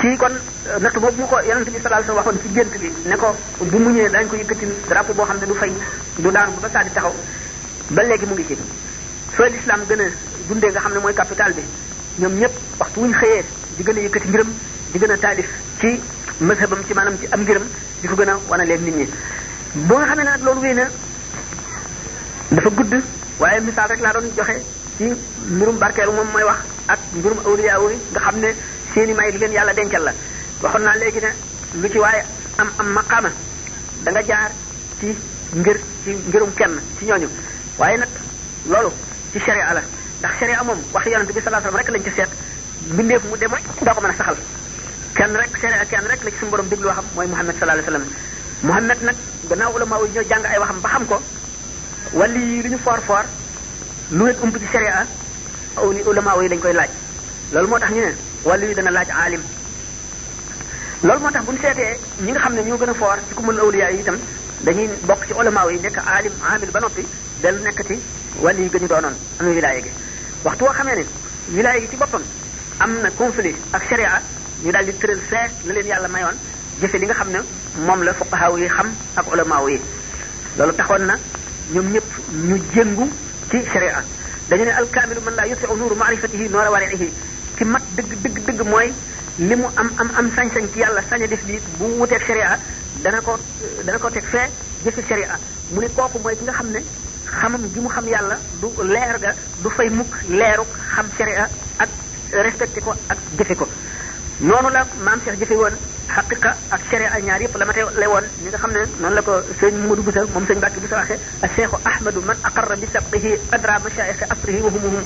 ci kon nattu boobu mu ko yonente bi sallallahu alayhi wasallam gént bi ne ko mu ñëwee dañ ko yëkkati drapeau boo xam ne du fay du daanu ba saa di taxaw ba léegi mu ngi ci lislaam gën a dundee nga xam ne mooy capital bi ñoom ñëpp waxtu wuñ xëyee di gën a yëkkati mbiram di gën a taalif ci mazhabam ci maanaam ci am mbiram di ko gën a wane leen nit ñi boo nga xamee ne nag loolu wéy na dafa gudd waaye misaal rek laa doon joxe ci mbirum barkeelu moom mooy wax ak mbirum awliya yi nga xam ne seeni may di leen yàlla dencal la waxoon naa léegi ne lu ci waaye am am maqaama danga nga jaar ci ngir ci ngirum kenn ci ñooñu waaye nag loolu ci sharia la ndax sharia moom wax yonent bi sallallahu alayhi wasallam rek lañ ci seet mbindeef mu dem doo ko ma a saxal kenn rek sharia kenn rek la ci suñu borom diglu waxam mooy Muhammad sallallahu alayhi wasallam Muhammad nag gannaaw ulama yi ñoo jàng ay waxam ba xam ko wali yi lu ñu for for lu nekk ump ci sharia ah, aw ni ulama yi dañ koy laaj loolu moo tax ñu ne wali yi dana laaj aalim loolu moo tax bu ñu seetee ñi nga xam ne ñoo gën a foor ci ku mën awliya yi itam dañuy bokk ci ulama yi nekk aalim amil ba noppi dellu nekkati wali yi gën ñu doonoon am wilaaya gi waxtu woo xamee ne wilaaya gi ci boppam am na conflit ak sharia ñu daal di tëral la leen yàlla mayoon jëfe li nga xam ne moom la fuqahaa yi xam ak ulama yi loolu taxoon na ñoom ñëpp ñu jéngu ci sharia dañu ne alkaamilu man laa yuti'u nuuru maarifatihi noora wari'ihi ci mat dëgg dëgg dëgg mooy li mu am am am sañ-sañ ci yàlla sañ def lii bu wuteeg sharia dana ko dana ko teg fee jëfe sharia mu ne kooku mooy ki nga xam ne xamam gi mu xam yàlla du leer ga du fay mukk leeru xam sharia ak respecté ko ak jëfe ko noonu la maam Cheikh jëfe woon xaqiqa ak sharia ñaar yëpp la ma tey woon ñi nga xam ne noonu la ko sëñ Modou Boussa moom sëñ Mbàkke Boussa waxee ak cheikhu ahmadu man aqarra bi sabqihi adra mashaayikh asrihi wa humuhum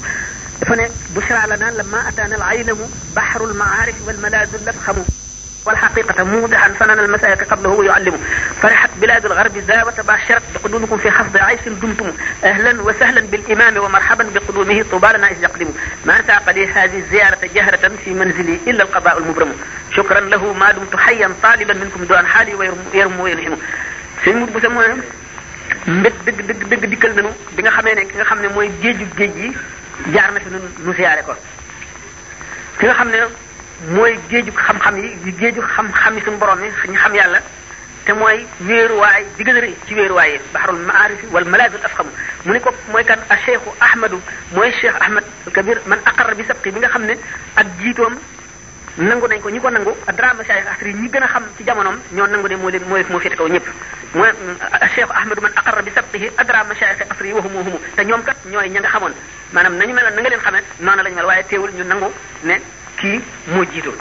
dafa ne bushra lana lamma ataana al aynamu bahrul maarif wal malaadu lafxamu والحقيقة موضحا فنن المسائك قبله يعلم فرحت بلاد الغرب ذا وتباشرت بقدومكم في حفظ عيش دمتم أهلا وسهلا بالإمام ومرحبا بقدومه طوبى لنا إذ يقدم ما ساق لي هذه الزيارة جهرة في منزلي إلا القضاء المبرم شكرا له ما دمت حيا طالبا منكم دعاء حالي ويرمو وينحم sëñ mut bu sa mooy mbég dëgg dëgg dëgg dikkal nañu bi nga xamee ne ki nga xam ne mooy géeju géej gi jaar na fi nu nu siyaare ko ki nga xam ne mooy géejug xam-xam yi di géejug xam-xam yi suñu borom ni suñu xam yàlla te mooy wéeruwaay di a rëy ci wéeruwaay yi baxarul maarifi wal malaazul afxam mu ne ko mooy kan a cheikhu mooy cheikh ahmad al kabir man aqarra bi sabqi bi nga xam ne ak jiitoom nangu nañ ko ko nangu dara masaayix gën a xam ci jamonoom ñoo nangu ne moo leen moo moo féete kaw ñëpp mooy cheikh ahmadu man aqarra bi sabqihi adra masaayix asri yi waxumu waxumu te ñoom kat ñooy ña nga xamoon maanaam nañu meloon na nga leen xamee noonu lañu mel waaye teewul ñu nangu ne kii moo jiitoon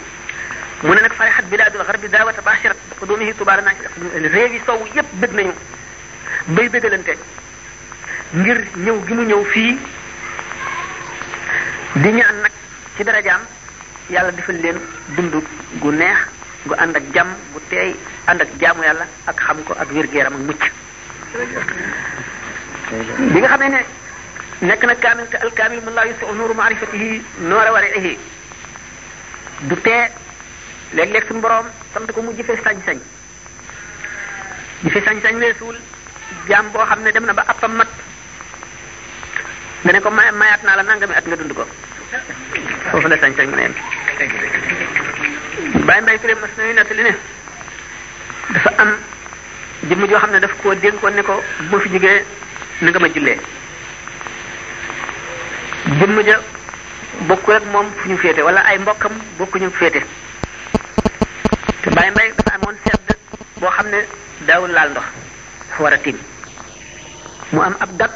mu ne nag farixat bilaadul garbi daawata bashirat qudumihi tubaala naa ci réew yi sow yépp bëgg nañu bay bëggalante ngir ñëw gi mu ñëw fii di ñaan nag ci darajaam yàlla defal leen dund gu neex gu ànd ak jàmm gu teey ànd ak jaamu yàlla ak xam ko ak wér ak mucc bi nga xamee ne nekk na kaamil te alkaamil mun laa yusu nuuru maarifatihi noora warihi du tee léeg-léeg suñu borom sant ko mu jëfe sañ-sañ jëfe sañ-sañ weesuwul jaam boo xam ne dem na ba appam mat nga ne ko may mayaat naa la nangami at nga dund ko foofu la sañ-sañ mën a yem bàyyi mbay kuré mas nañu nettali ne dafa am jëmm joo xam ne daf koo dénkoon ne ko bu fi jógee na nga jullee jëmm ja bokkul ak moom fu ñu féete wala ay mbokkam bokkuñu féete te Baye Mbaye dafa amoon sedd boo xam ne daawul laal ndox dafa war a tiim mu am ab dagg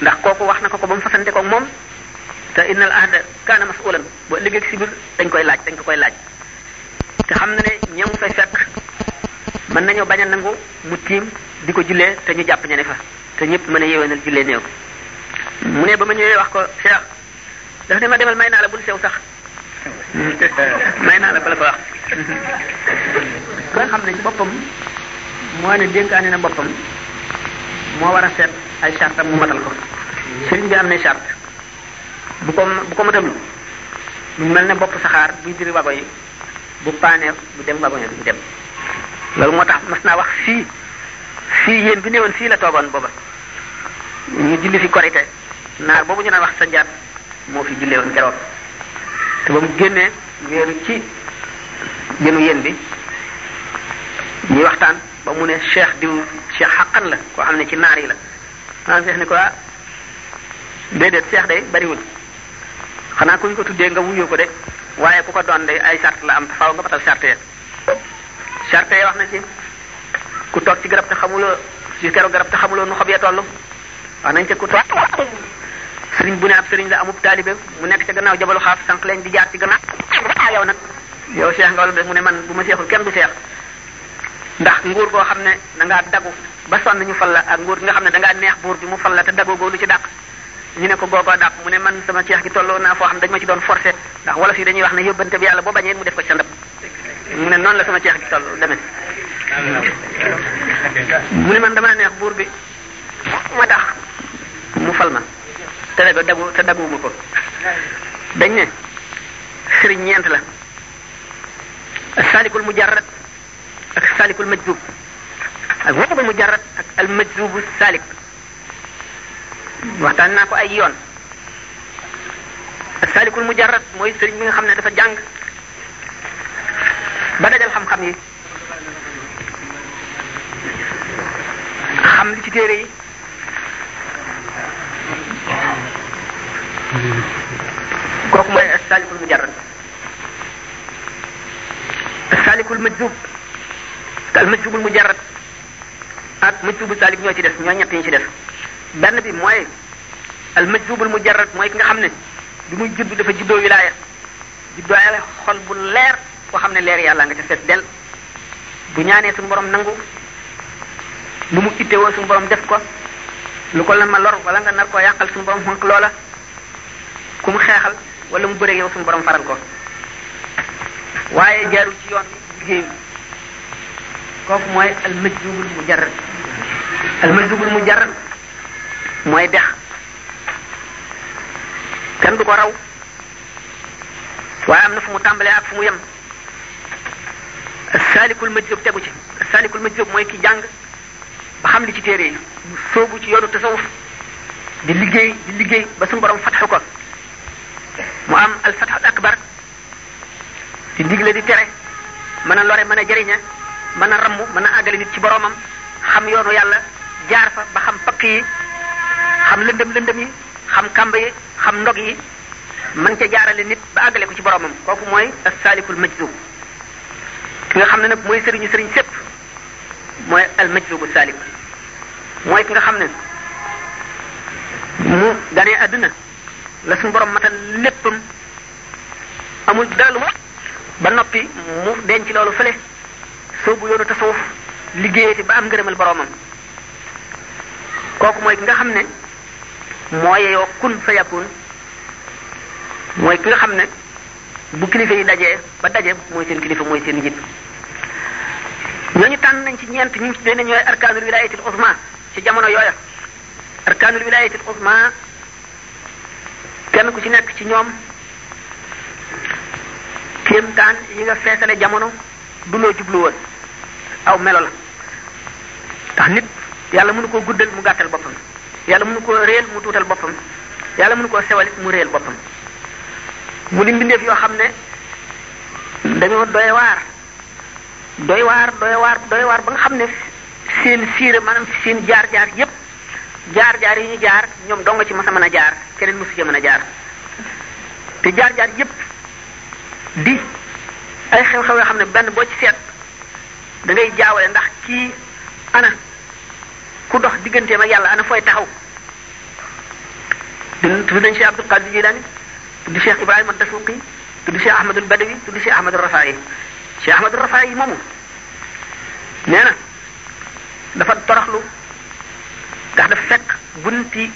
ndax kooku wax na ko ko ba mu fasante ko moom te innal ahda kaana masulan boo liggéey si biir dañ koy laaj dañ ko koy laaj te xam na ne ñamu fay fekk mën nañoo bañ a nangu mu tiim di ko jullee te ñu jàpp ñene fa te ñëpp mën a yeewanal jullee néew mu ne ba ma ñëwee wax ko Cheikh dafa ne demal may naa la bul sew sax may naa la bala baax nga xam ne ci boppam moo ne dénkaane na boppam moo war a seet ay chartam mu matal ko sëriñ bi am na charte bu ko bu ko matalul lu mel ne bopp saxaar buy diri wago yi bu paanee bu dem wago yi du dem loolu moo tax mas naa wax fii fii yéen bi néewoon fii la toogoon booba ñu julli fi korite naar boobu ñu naan wax sa njaat moo fi jullee woon keroog te ba mu génnee weeru ci jënu yéen bi ñuy waxtaan ba mu ne cheikh diw cheikh xaqan la koo xam ne ci naar yi la maanaam cheikh ni ko ah déedéet cheikh day bariwul xanaa kuñ ko tuddee nga wuyoo ko de waaye ku ko doon de ay charte la am te faaw nga batal charte ya charte ya wax na ci ku toog ci garab te xamuloo ci garab te xamuloo nu xob ya toll wax nañ ci ku toog sëriñ bu ne ab sëriñ la amub taalibe mu nekk ca gannaaw jabalu xaaf sànq leen di jaar ci gannaaw ah, yow nag yow seex nga wala mu ne man bu ma seexul kenn du seex ndax nguur goo xam ne da ngaa dagu ba sonn ñu fal la ak nguur gi nga xam ne da ngaa neex buur bi mu fal la te dagoo goo lu ci dàq ñu ne ko googoo dàq mu ne man sama ceex gi tolloo naa foo xam ne dañu ma ci doon forcé ndax wolof yi dañuy wax ne yóbbante bi yàlla boo bañee mu def ko ci sa ndab mu ne noonu la sama ceex gi toll demen mu ne man damaa neex buur bi ma tax mu fal ma tere ko dagu te daguwuma ko dañ ne la ak salikul mujarrad ak salikul majzub ak ak al majzubu salik waxtaan naa ko ay yoon ak salikul mujarrad mooy sëriñ bi xam ne dafa jàng ba dajal xam-xam yi xam li ci téere kooku mooy asaalikul mujarrad asaalikul majzub al majzubul mujarrad ak majzubu saalik ñoo ci def ñoo ñett ñu ci def benn bi mooy al majzubul mujarrad mooy ki nga xam ne bi muy judd dafa juddoo wilaaya juddoo yàlla xol bu leer boo xam ne leer yàlla nga ca fees del bu ñaanee suñu borom nangu lu mu ittewoo suñu borom def ko lu ko la ma lor wala nga nar koo yàqal suñu borom xonq loola ku mu xeexal wala mu bëreeg yow suñu borom faral ko waaye jaarul ci yoon bi liggéeyul kooku mooy almajjubul mu jar almajjubul mu jar mooy dex kenn du ko raw waaye am na fu mu tàmbalee ak fu mu yem saalikul majjub tegu ci saalikul majjub mooy ki jàng ba xam li ci téere yi mu sóobu ci yoonu tasawuf di liggéey di liggéey ba suñu borom fatxu ko mu am alfatxul akbar di digle di tere mën a lore mën a jëriña mën a ramm mën a àggale nit ci boromam xam yoonu yàlla jaar fa ba xam pakk yi xam lëndëm lëndëm yi xam kàmb yi xam ndog yi mën ca jaarale nit ba àggale ko ci boromam kooku mooy as-salikul majzub ki nga xam ne nag mooy sëriñu sëriñ sépp mooy al majzubu salik mooy ki nga xam ne mu ganee àdduna la suñu borom matal léppam amul daaluma ba noppi mu denc loolu fële soobu yoonu tasawuf liggéeyati ba am ngërëmal boromam kooku mooy ki nga xam ne moo yeyoo kun fa yakun mooy ki nga xam ne bu kilifa yi dajee ba daje mooy seen kilifa mooy seen njiit ñooñu tànn nañ ci ñeent ñu ngi ci dee ne ñooy arkaanul wilaayatil usma ci jamono yooya arkaanul wilaayatil usma kenn ko ci nekk ci ñoom kéemtaan yi nga feesale jamono du loo jublu woon aw melo la ndax nit yàlla mënu koo guddal mu gàttal boppam yàlla mënu koo réel mu tuutal boppam yàlla mënu koo sewalit mu réel boppam mu di mbindeef yoo xam ne dañoo doy waar doy waar doy waar doy waar ba nga xam ne seen siire maanaam seen jaar-jaar yépp jaar-jaar yi ñu jaar ñoom dong ci mos a a jaar keneen mosu cee a jaar te jaar-jaar yépp di ay xew-xew yoo xam ne benn boo ci seet dangay ngay jaawale ndax kii ana ku dox diggante ma yàlla ana fooy taxaw dinañ tudd nañ Cheikh Abdul Qadir Jilani tudd Cheikh Ibrahima Dasuqi tudd Cheikh Ahmadul Badawi tudd Cheikh Ahmadul Rafaayi Cheikh Ahmadul Rafaayi moomu nee na dafa toroxlu. ndax dafa fekk bunti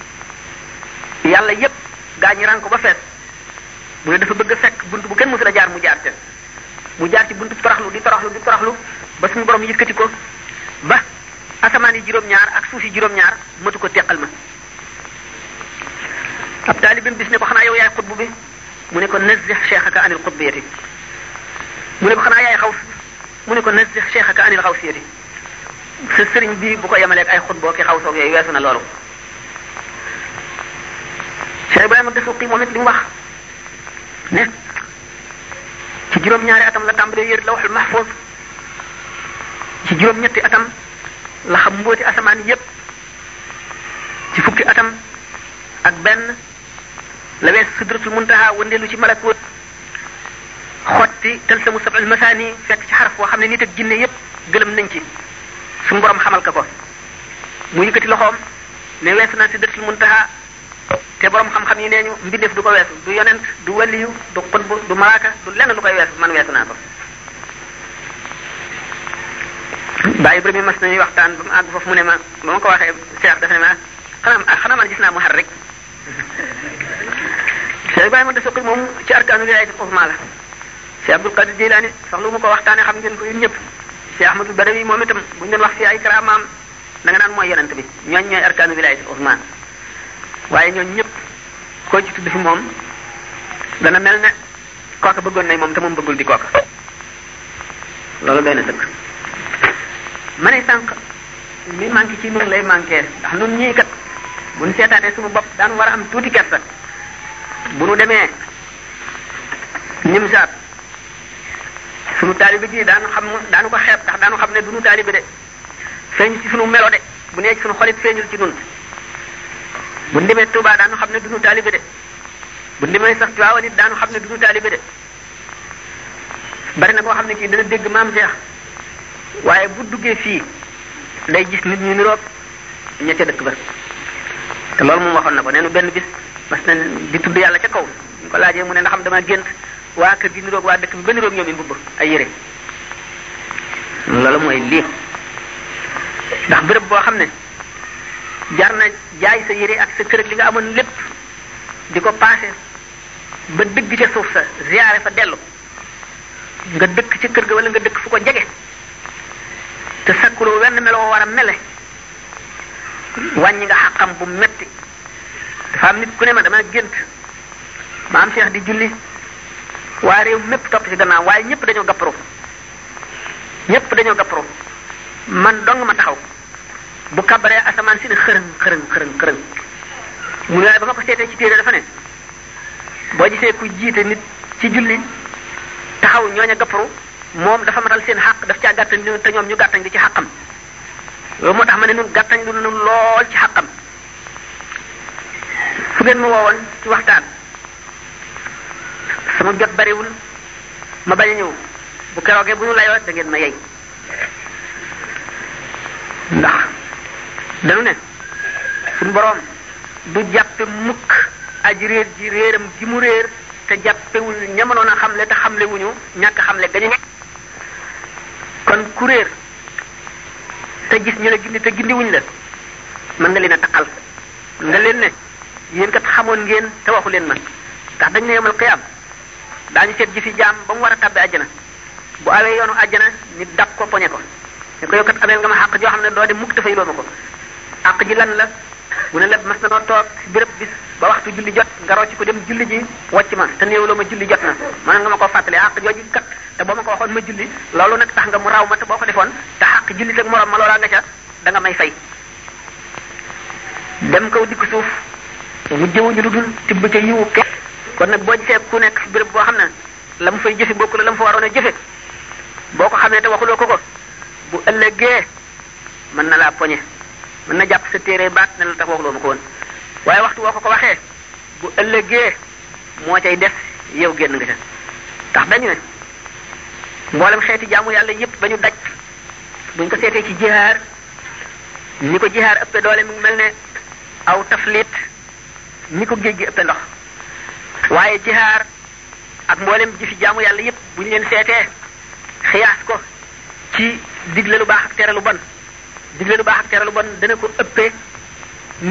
yàlla yépp gaa ñi rànk ba fees mu ne dafa bëgg fekk bunt bu kenn mësul a jaar mu jaar te mu jaar ci buntu toroxlu di toroxlu di toroxlu ba suñu borom yëkkati ko ba asamaan yi juróom-ñaar ak suuf yi juróom-ñaar matu ko teqal ma ab taalibim bis ne ko xanaa yow yaay xutbu bi mu ne ko nazzih cheikhaka anil xutbiyati mu ne ko xanaa yaay xaw mu ne ko nazzih cheikhaka anil xawsiyati sa sëriñ bi bu ko yemaleeg ay xutboo ki xaw soog yooyu weesu na loolu Cheikh Ibrahima Dasuqi moom it li wax ne ci juróom-ñaari atam la tàmbalee yër lawxul mahfuz ci juróom-ñetti atam la xam mbóoti asamaan yépp ci fukki atam ak benn la wees sidratul muntaha wëndeelu ci malakut xotti tël samu sabul masaani fekk ci xaraf xam ne nit ak jinne yépp gëlëm nañ ci suñu borom xamal ko ko mu yëkkati loxoom ne weesu na si dëtul muntaha te borom xam-xam yi nee ñu mbindeef du ko weesu du yonent du waliyu du xutb du malaaka du lenn lu koy weesu man weesu naa ko. Baay Ibrahima mas nañuy waxtaan ba mu mu ne ma ko waxee Cheikh dafa ne ma xanaa gis naa mu xar rek. Cheikh Ibrahima Dasoxi moom ci arkaanu wilaayati Usmaan la Cheikh ko waxtaanee xam ngeen ko ñëpp. Cheikh Ahmadou Badawi moom itam bu ñu doon wax ay karaamaam da nga naan mooy yonent bi ñooñ ñooy arkaanu wilaayati Usmaan waaye ñooñ ñëpp koo ci tudd fi moom dana mel ne kooka bëggoon nañ moom te moom bëggul di kooka loolu doy na dëkk ma ne sànq li manqué ci nun lay manqué ndax nun ñii kat bu ñu seetaanee suñu bopp daan war a am tuuti kersa bu nu demee saat fu sunu taalibe gi daan xam daanu ko xeeb ndax daanu xam ne duñu taalibe de feeñ ci sunu melo de bu nekk sunu xolit feeñul ci nun bu ndimee Touba daanu xam ne duñu taalibe de bu ndimee sax Tiwaawan it daanu xam ne duñu taalibe de bari na koo xam ne kii dana dégg maam Cheikh waaye bu duggee fii day gis nit ñu niroog ña ca dëkk ba te loolu moom waxoon na ko nee nu benn bis mas nañ di tudd yàlla ca kaw ñu ko laajee mu ne ndax xam dama gént waa kër gi niroog waa dëkk bi ba niroog ñoom i mbubb ay yére loolu mooy lii ndax béréb boo xam ne jar na jaay sa yére ak sa kër li nga amoon lépp di ko paase ba dëgg ca suuf sa ziyaare fa dellu nga dëkk ci kër gi wala nga dëkk fu ko jege te sakkuloo wenn meloo war a mele wàññi nga xaqam bu metti dafa am nit ku ne ma dama gént ma am seex di julli waa réew mépp topp ci gannaaw waaye ñëpp dañoo gapparu ñëpp dañoo gapparu man dong ma taxaw bu kabaree asamaan si ne xërëng xërëng xërëng xërëng mu ne ba nga ko seetee ci téere dafa ne boo gisee ku jiite nit ci julli taxaw ñooña gapparu moom dafa matal seen xàq daf caa gàttañ te ñoom ñu gàttañ lu ci am loolu moo tax ma ne nun gàttañ lu nu lool ci xàqam fu ngeen mu woowoon ci waxtaan sama jot bariwul ma bañ a ñëw bu keroogee bu ñu layoo da ngeen ma yey ndax dañu ne suñu boroom du jàppe mukk aji réer ji réeram gi mu réer te jàppewul ñamanoon a xamle te xamle wuñu ñàkk xamle gañu nekk kon ku réer te gis ñu la gindi te gindi wuñ la mën nga leen a taqal nga leen ne yéen xamoon ngeen te waxu leen man ndax dañ ne yomal qiyaam daañu seet ji fi jaam ba mu war a tabbi àjjana bu awee yoonu àjjana nit dab ko poñe ko ne ko yow kat nga ma àq joo xam ne doo de mukk dafay loo ma ko àq la mu ne la na noo toog si béréb bis ba waxtu julli jot nga rocc ko dem julli ji wàcc ma te néewloo ma julli jot na mën nga ma ko fàttali àq jooju kat te boo ma ko waxoon ma julli loolu nag tax nga mu raw ma te boo ko defoon te àq julli teg moroom ma loolaa nga ca da may fay dem kaw dikk suuf mu jëwuñu lu kon nag boo gisee ku nekk béréb boo xam ne la mu fay jëfe bokk la la mu fa waroon a jëfe boo ko xamee te waxuloo ko ko bu ëllëgee mën na laa poñe mën na jàpp sa téere baat ne la tax waxuloo ma ko woon waaye waxtu woo ko ko waxee bu ëllëgee moo cay def yow génn nga ca tax dañu ne mboolem xeeti jaamu yàlla yëpp ba ñu daj buñ ko seetee ci jihaar ñi ko jihaar ëppee doole mu mel ne aw taflit ñi ko géej gi ëppee ndox waaye jihaar ak mboolem ji fi jaamu yàlla yépp bu ñu leen seetee xiyaas ko ci digle lu baax ak tere lu bon digle lu baax ak tere lu bon dana ko ëppee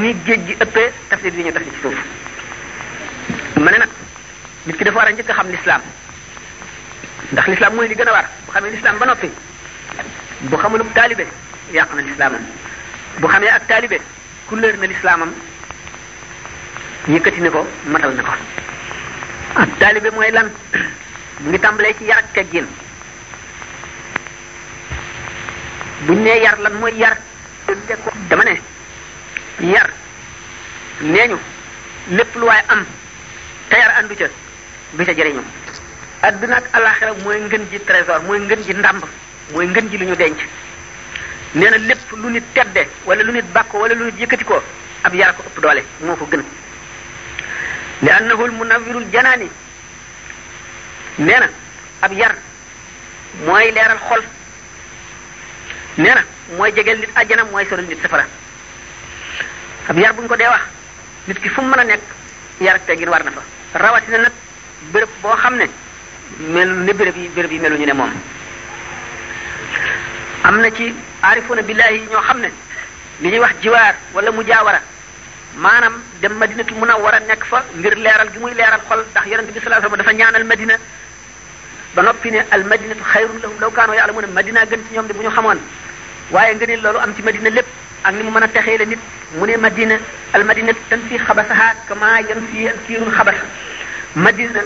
ni géej gi ëppee taflit bi ñu taflit ci suuf ma ne nag nit ki dafa war a njëkk a xam lislaam ndax lislaam mooy li gën a war bu xamee lislaam ba noppi bu xamul taalibe yàq na lislaamam bu xamee ak taalibe ku leer na lislaamam yëkkati na ko matal na ko ak ah, taalibe mooy lan mu ngi tàmbalee ci yar ak teggin buñ nee yar lan mooy yar dama ne yar nee ñu lépp lu waaye am te yar àndu ca du ca jëriñu adduna ak alaxira mooy ngën ji trésor mooy ngën ji ndàmb mooy ngën ji lu ñu denc nee na lépp lu nit tedde wala lu nit bàkko wala lu nit yëkkati ko ab yar ko ëpp doole moo ko gën li annahu l munawirul janaani nee na ab yar mooy leeral xol nee mooy jegeel nit àjjana mooy soril nit safara ab yar buñ ko dee wax nit ki fu mu mën a nekk yar ak teggin war na fa rawatina nag béréb boo xam ne mel ne béréb yi béréb yi ñu ne moom am na ci aarifuna billahi ñoo xam ne li ñuy wax jiwaar wala mujaawara maanaam dem madinatul munawwara nekk fa ngir leeral gi muy leeral xol ndax yonent bi sallallahu alayhi wasallam dafa ñaanal madina ba noppi ne al madinatu xayrun lahum law kaanoo ya'lamuun madina gën ñoom de bu ñu xamoon waaye nga ne loolu am ci madina lépp ak ni mu mën a texee la nit mu ne madina al madinatu tanfi xabasaha kama yanfi al kiirul xabasa madina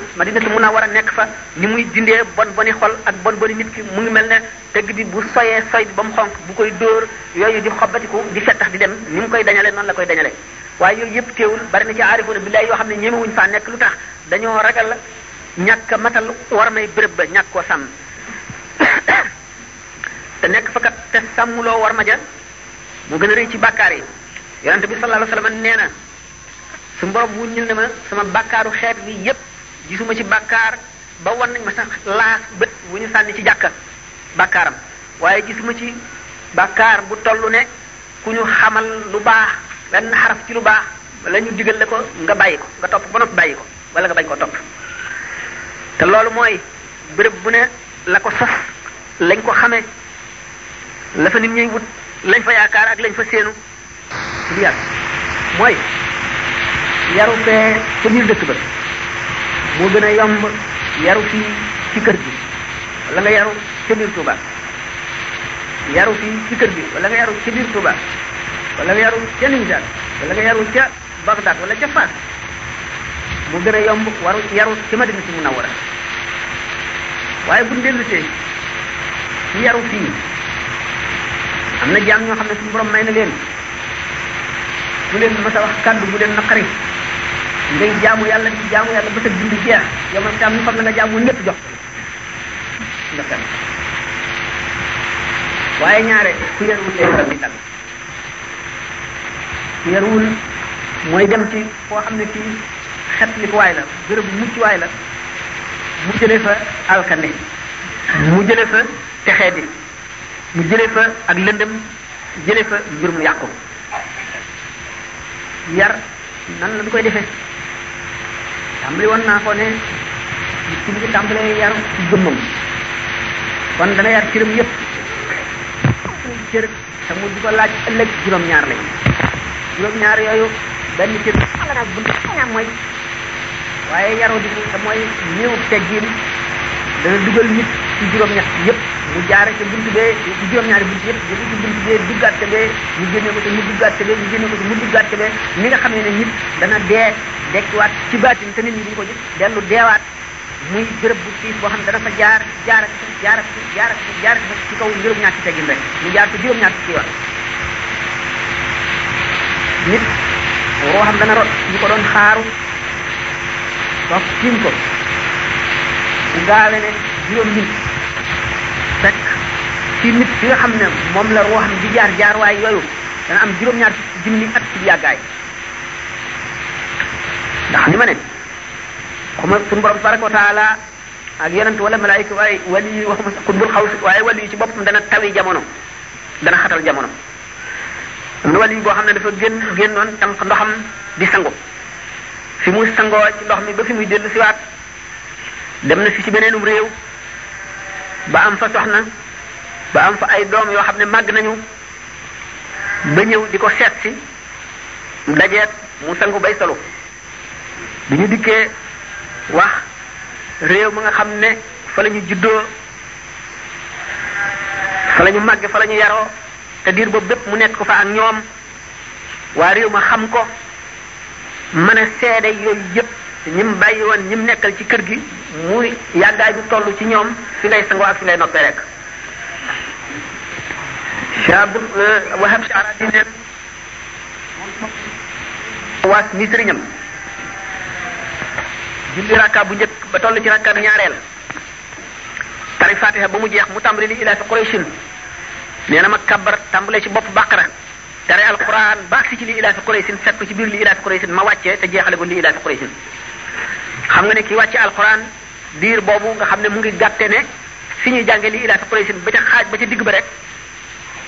war a nekk fa ni muy dindee bon boni xol ak bon boni nit ki mu ngi mel na tëgg di bu soyee soy bi ba mu xonk bu koy dóor yooyu di xobbatiku di tax di dem ni mu koy dañale noonu la koy dañale waaye yooyu yëpp teewul bari na ci aarifoona billahi yoo xam ne ñemewuñ faa nekk lu tax dañoo ragal ñàkk a matal war may béréb ba ñàkk koo sàmm te nekk fa kat te sàmmuloo war ma ja moo gën a rëy ci bàkkaar yi yonente bi sallallahu alayhi wasallam nee na su borom wuññil ne ma sama bàkkaaru xeet bi yépp gisuma ci bàkkaar ba wan nañ ma sax laas bët bu ñu sànni ci jàkka bàkkaaram waaye gisuma ci bàkkaar bu tollu ne ku ñu xamal lu baax benn xarab ci lu baax wala ñu digal la ko nga bàyyi ko nga topp ba noppi bàyyi ko wala nga bañ ko topp te loolu mooy béréb bu ne la ko sos lañ ko xamee la fa nit ñuy wut lañ fa yaakaar ak lañ fa séenu ci mooy yaru fee fa biir dëkk ba moo gën a yomb yaru fii ci kër gi wala nga yaru ca biir Touba yaru fii ci kër gi wala nga yaru ca biir Touba wala nga yaru ca Niger wala nga yaru ca Bagdad wala ca Fass mu gën a yomb waru yaru ci Madina si waaye buñ dellusee yaru fii am na jaam ñoo xam ne suñu borom may na leen bu leen a wax kàddu bu leen naqari ngay yàlla ci jaamu yàlla ba sa jeex yow man na nga jaamu ñëpp jox waaye ñaare ku yarwul mooy dem ci koo xam ne kii xet li ko waay la béréb mucc waay la mu jëlee fa alkande mu jëlee fa texee di mu jëlee ak lëndëm jëlee fa mu yàqu yar nan la du koy defee tàmbali woon naa ko ne nit ki ngi tàmbalee yar ci gëmmam kon dana yar cëram yëpp cër te di ko laaj ëllëg juróom-ñaar lañ juróom-ñaar yooyu benn cër la nag bunt ñaam mooy waaye yaru di te mooy néew teggin dana dugal nit ci juróom-ñett yëpp mu jaare ca buntu bee ci juróom-ñaari buntu yëpp mu ci buntu bee duggaat ca bee ñu génne ko ca mu duggaat ca bee ñu génne ko ca mu duggaat ca bee ni nga xam ne nit dana dee dekkiwaat ci baatin te nit ñi duñ ko gis dellu deewaat muy béréb bu siis boo xam ne dana fa jaar jaar ak jaar ak jaar ak jaar ak ci kaw juróom-ñaar ci teggin rek mu jaar ci juróom-ñaar ci yoon nit woo xam dana rot ñu ko doon xaaru toog tiim ko bu gaawee ne juróom nit fekk ci nit ki nga xam ne moom la roo xam di jaar jaar waay yooyu dana am juróom-ñaar junni at ci yàggaay ndax ni ma ne xuma suñu borom tabaraka wa taala ak yonent wala malaayika waaye wali yi waxuma xutbul xaw si waaye wali yi ci boppam dana tawi jamono dana xatal jamono am na wali boo xam ne dafa génn génnoon tam ndoxam di sangu fi muy sangoo ci ndox mi ba fi muy dellu siwaat dem na fi ci beneenu réew ba am fa soxna ba am fa ay doom yoo xam ne màgg nañu ba ñëw di ko seet si mu dajeet mu sangu bay solo bi ñu dikkee wax réew ma nga xam ne fa lañu ñu juddoo fa lañu ñu fa la ñu yaroo te diir boobu bépp mu nekk ko fa ak ñoom waa réew ma xam ko mën a seede yooyu yëpp ñi mu bàyyi woon ñi nekkal ci kër gi muy yàggaay bu toll ci ñoom fi ngay sangoo ak fi ngay noppee rek Shahab euh, Wahab Sha'rabi neen waas ni julli rakka bu njëkk ba toll ci rakka ñaareel tari fatiha ba mu jeex mu tàmbali li ilaa fi qurayshin nee na ma kabbar tàmbalee ci bopp baqara tari alquran baax si ci li ilaa fi qurayshin fekk ci biir li ilaa fi qurayshin ma wàccee te jeexale ko li ilaa fi qurayshin xam nga ne kii wàcce alquran diir boobu nga xam ne mu ngi gàtte ne fi ñuy jànge li ilaa quraysin ba ca xaaj ba ca digg ba rek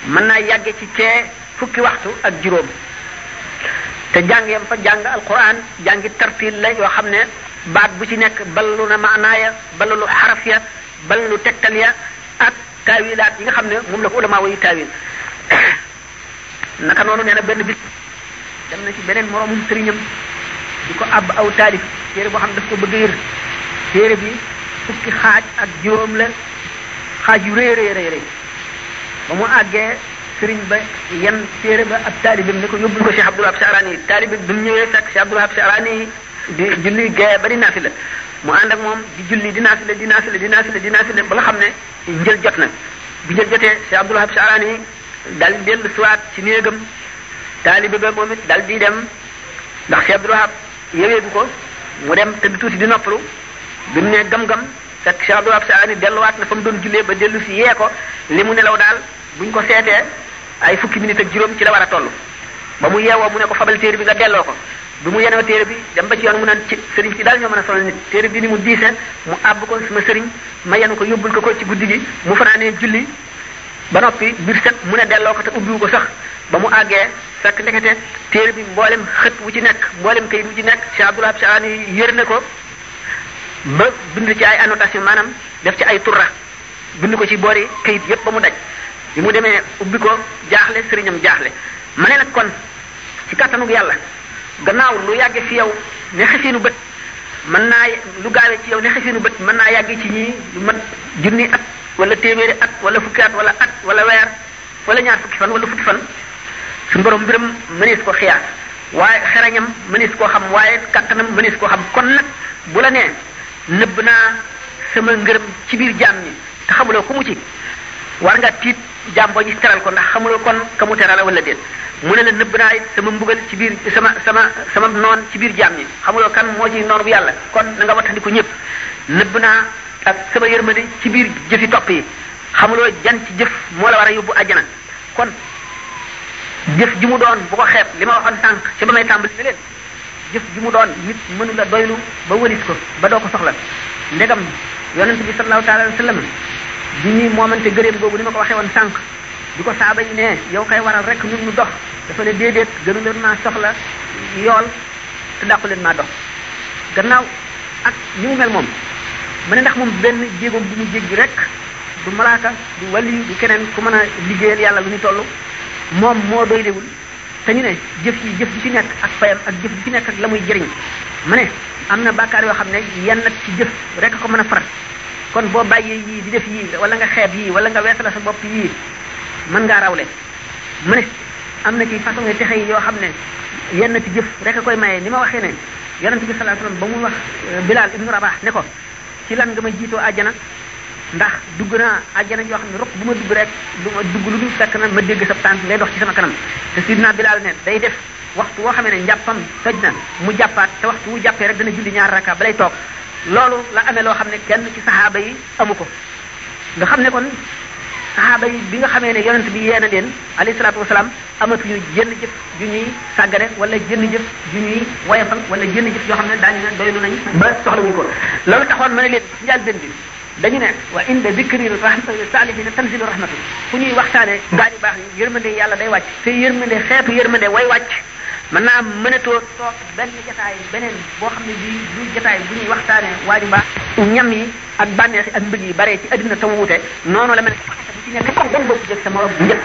mën naa yàgge ci cee fukki waxtu ak juróom te jàng yam fa jàng alquran jàngi tartil la yoo xam ne baat bu ci nekk ballu na maanaaya ballu xaraf ya ballu tegtal ya ak taawilaat yi nga xam ne moom la ko ulama wayu taawil naka noonu nee na benn bis dem na ci beneen moroomum sëriñam di ko àbb aw taalif téere boo xam ne daf ko bëgg yër téere bi fukki xaaj ak juróom la xaaj yu rëy rëy rëy ba mu àggee sëriñ ba yan téere ba ab taalibam ne ko yóbbul ko Cheikh Abdou Wahab Sharani yi taalibi bi mu ñëwee fekk Cheikh Abdou Wahab Sharani yi di julli gaye ba di naafila mu ànd moom di julli di naafila di naafila di naafila ba nga xam ne njël jot na bu njël jotee Cheikh Abdou Wahab Sharani yi daal di dellu ci néegam taalibi ba moom it di dem ndax Cheikh Abdou Wahab yewee bu ko mu dem te du bi mu nee gam-gam fekk Cheikh Abdou Wahab Saani delluwaat na fa mu doon jullee ba dellu si yee ko li mu nelaw daal buñ ko seetee ay fukki minute ak juróom ci la war a toll ba mu yeewoo mu ne ko fabal téere bi nga delloo ko bi mu yenoo téere bi dem ba ci yoon mu naan ci sëriñ ci daal ñoo mën a sonal nit bi ni mu diise mu àbb ko sama sëriñ ma yenu ko yóbbul ko ko ci guddi gi mu fanaanee julli ba noppi biir set mu ne delloo ko te ubbiwu ko sax ba mu àggee fekk ndekete téere bi mboolem xët wu ci nekk mboolem kayit wu ci nekk Cheikh Abdou Wahab yër na ko ma bind ci ay annotation maanaam def ci ay turra bind ko ci boori kayit yépp ba mu daj bi mu demee ubbi ko jaaxle sëriñam jaaxle ma ne nag kon ci kàttanug yàlla gannaaw lu yàggee fi yow ne xefinu bët mën naa lu ci yow ne xefinu bët mën naa yàgge ci ñii lu mat junni at wala téeméeri at wala fukki at wala at wala weer wala ñaar fukki fan wala fukki fan suñu borom mbiram mënees ko xiyaas waaye xerañam mënees koo xam waaye kàttanam mënees koo xam kon nag bu la nee nëbb naa sama ngërëm ci biir jaam ñi te xamuloo ko mu ci war nga tiit jaam boo gis teral ko ndax xamuloo kon ka mu terala wala déet mu ne la nëbb naa it sama mbugal ci biir sama sama sama noon ci biir jaam ñi xamuloo kan moo ci noonu bu yàlla kon na nga wattandiku ñëpp nëbb naa sama yërmande ci biir jëfi topp yi xamuloo jan ci jëf moo la war a yóbbu àjjana kon jëf ji mu doon bu ko xeeb li ma waxoon sànq ci ba may tàmbali ne leen jëf ji mu doon nit mënu la doylu ba wërit ko ba doo ko soxla ndegam yonent bi sallallahu taala alayhi wa sallam moomante gëréem googu ni ma ko waxee woon sànq di ko saaba yi ne yow kay waral rek ñun mu dox dafa ne déedéet gënu leen maa soxla yool te dàqu leen maa dox gannaaw ak ni mu moom ma ne ndax moom benn jéegoom bu mu jéggi rek du malaaka du wali du keneen ku mën a liggéeyal yàlla lu nu toll moom moo doy te ñu ne jëf yi jëf ji ci nekk ak fayam ak jëf ji ci nekk ak la muy jëriñ ma ne am na bàkkaar yoo xam ne yenn ci jëf a ko mën a farat kon boo bàyyee yii di def yii wala nga xeeb yii wala nga weesala sa bopp yii mën ngaa rawle mu ne am na kiy façon texe yi yoo xam ne yenn ci jëf rek koy mayee ni ma waxee ne yonent bi sallallahu alayhi ba mu wax eh, Bilal ibnu Rabah ne ko ci lan nga ma jiitoo àjjana ndax dugg naa àjjana yoo xam ne rok bu ma dugg rek du ma dugg lu dul fekk na ma dégg sa tànk ngay dox ci sama kanam te sidna Bilaal ne day def waxtu woo xamee ne njàppam tëj na mu jàppaat te waxtu wu jàppee rek dana julli ñaar raka ba lay toog loolu la amee loo xam ne kenn ci saxaaba yi amu ko nga xam ne kon saxaaba yi bi nga xamee ne yonent bi yee na leen alayhi salaatu wasalaam amatuñu jënn jëf ju ñuy sàggane wala jënn jëf ju ñuy woyafal wala jënn jëf yoo xam ne daañu ne doylu nañ ba soxlawuñ ko loolu taxoon ma ne leen ci njëlbéen bi dañu ne wa inda dikri saalihiina tanzilu rahmatu fu ñuy waxtaane gaa ñu baax ñi yërmande yàlla day wàcc te yërmande xeetu yërmande way wàcc mën naa mënatoo toog benn jataay beneen boo xam ne bii du jataay bu ñuy waxtaane waa ju baax ñam yi ak bànneex yi ak mbëgg yi bare ci adduna taw wuute noonu la mel ne ci nekk comme bokk jëg sa morom njëkk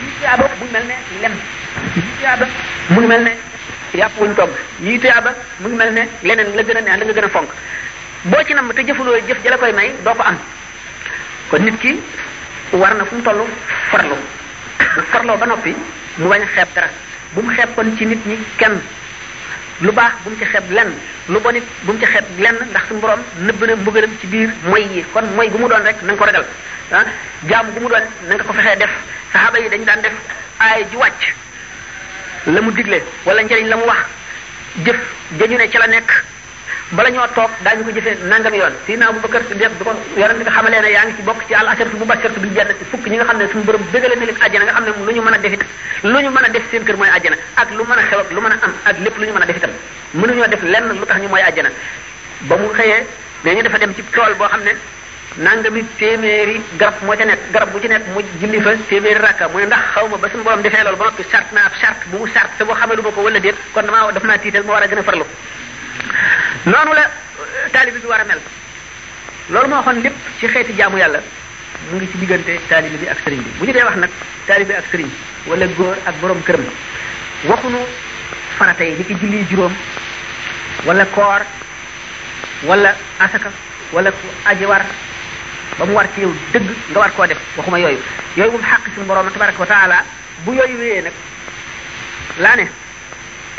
yii tuyaaba mu mel ne lem yii tuyaaba mu mel ne yàpp wuñ togg yii tuyaaba mu mel ne leneen la gën a neex la nga gën a fonk boo ci namm te jëfuloo jëf jala koy may doo ko am kon nit ki war na fu mu toll farlu bu farloo ba noppi mu bañ xeeb dara bu mu xeeb kon ci nit ñi kenn lu baax bu ci xeeb lenn lu bon it bu ci xeeb lenn ndax suñu borom nëbb na mbugalam ci biir moy yi kon moy gu mu doon rek na nga ko ragal ah jaamu gu mu doon na nga ko fexee def saxaaba yi dañu daan def aay ji wàcc la mu digle wala njëriñ la mu wax jëf dañu ne ca la nekk bala ñoo toog daañu ko jëfee nangam yoon si na Abubakar Siddiq bi ko yonent bi xamalee ne yaa ngi ci bokk ci al a a def seen kër mooy àjjana ak lu mën a xew ak lu mën a am ak lépp a def itam ñu mooy mu dem ci tool boo xam ne nangami téeméeri garab moo ca nekk garab bu ci nekk mu julli fa téeméeri rakka mu ne xaw ma ba suñu borom defee loolu ba noppi charte naa ab charte bu mu charte te boo xamalu ma ko wala déet kon damaa daf naa tiital ma war a gën a farlu loolu la taalibi bi war a mel loolu moo waxoon lépp ci xeeti jaamu yàlla mu ngi ci diggante taalibi bi ak sëriñ bi bu ñu dee wax nag taalibi ak sëriñ wala góor ak borom këram waxuñu farata yi ni ki julli juróom wala koor wala asaka wala ku aji war ba mu war ci yow dëgg nga war koo def waxuma yooyu yooyu moom xàq suñu borom tabaraka wa taala bu yooyu wéyee nag laa ne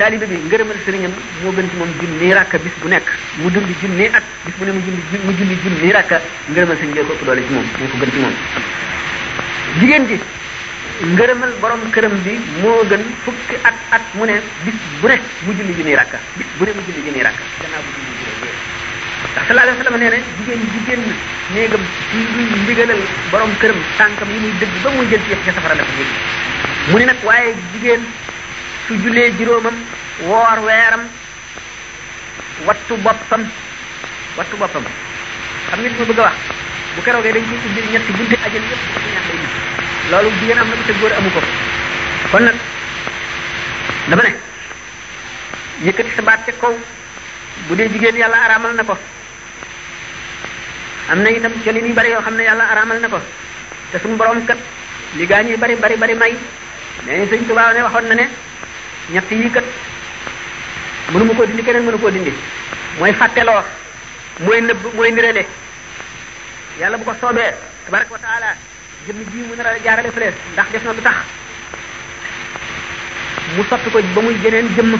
taalibe bi ngërëmal sëriñam moo gën ci moom junni rakka bis bu nekk mu dund junni at bis bu ne mu julli mu julli junni rakka ngërëmal sëriñ bee ko ëpp doole ci moom moo ko gën ci moom jigéen ji ngërëmal borom këram bi moo gën fukki at at mu ne bis bu ne mu julli junni rakka bis bu ne mu julli junni rakka gannaaw bu julli juróom ndax sallallahu alayhi wa sallam nee na jigéen jigéen néegam ci luy ndigalal borom këram tànkam yi muy dëgg ba muy jël ci yëpp ca safara la ko jéggi mu ne nag waaye jigéen su jullee juróomam woor weeram wattu boppam wattu boppam xam nga li ma bëgg a wax bu keroogee dañ ciy ubbi ñetti bunte ajal yëpp bu ko loolu jigéen am amu ko nag dama ne yëkkati sa ca kaw bu dee jigéen yàlla araamal na ko am na itam colin yu bari yoo xam ne yàlla araamal na ko te suñu borom kat li gaa ñuy bari bari bari may nee nañ Sëñ Tuubaa ne waxoon na ne ñett yi kat mënu ma koo dindi keneen mënu koo dindi mooy fàtteloo mooy nëbb mooy nirale yàlla bu ko soobee tabaraka wa taala jëmm ji mu nar jaarale fële ndax def na lu tax mu sotti ko ba muy geneen jëmm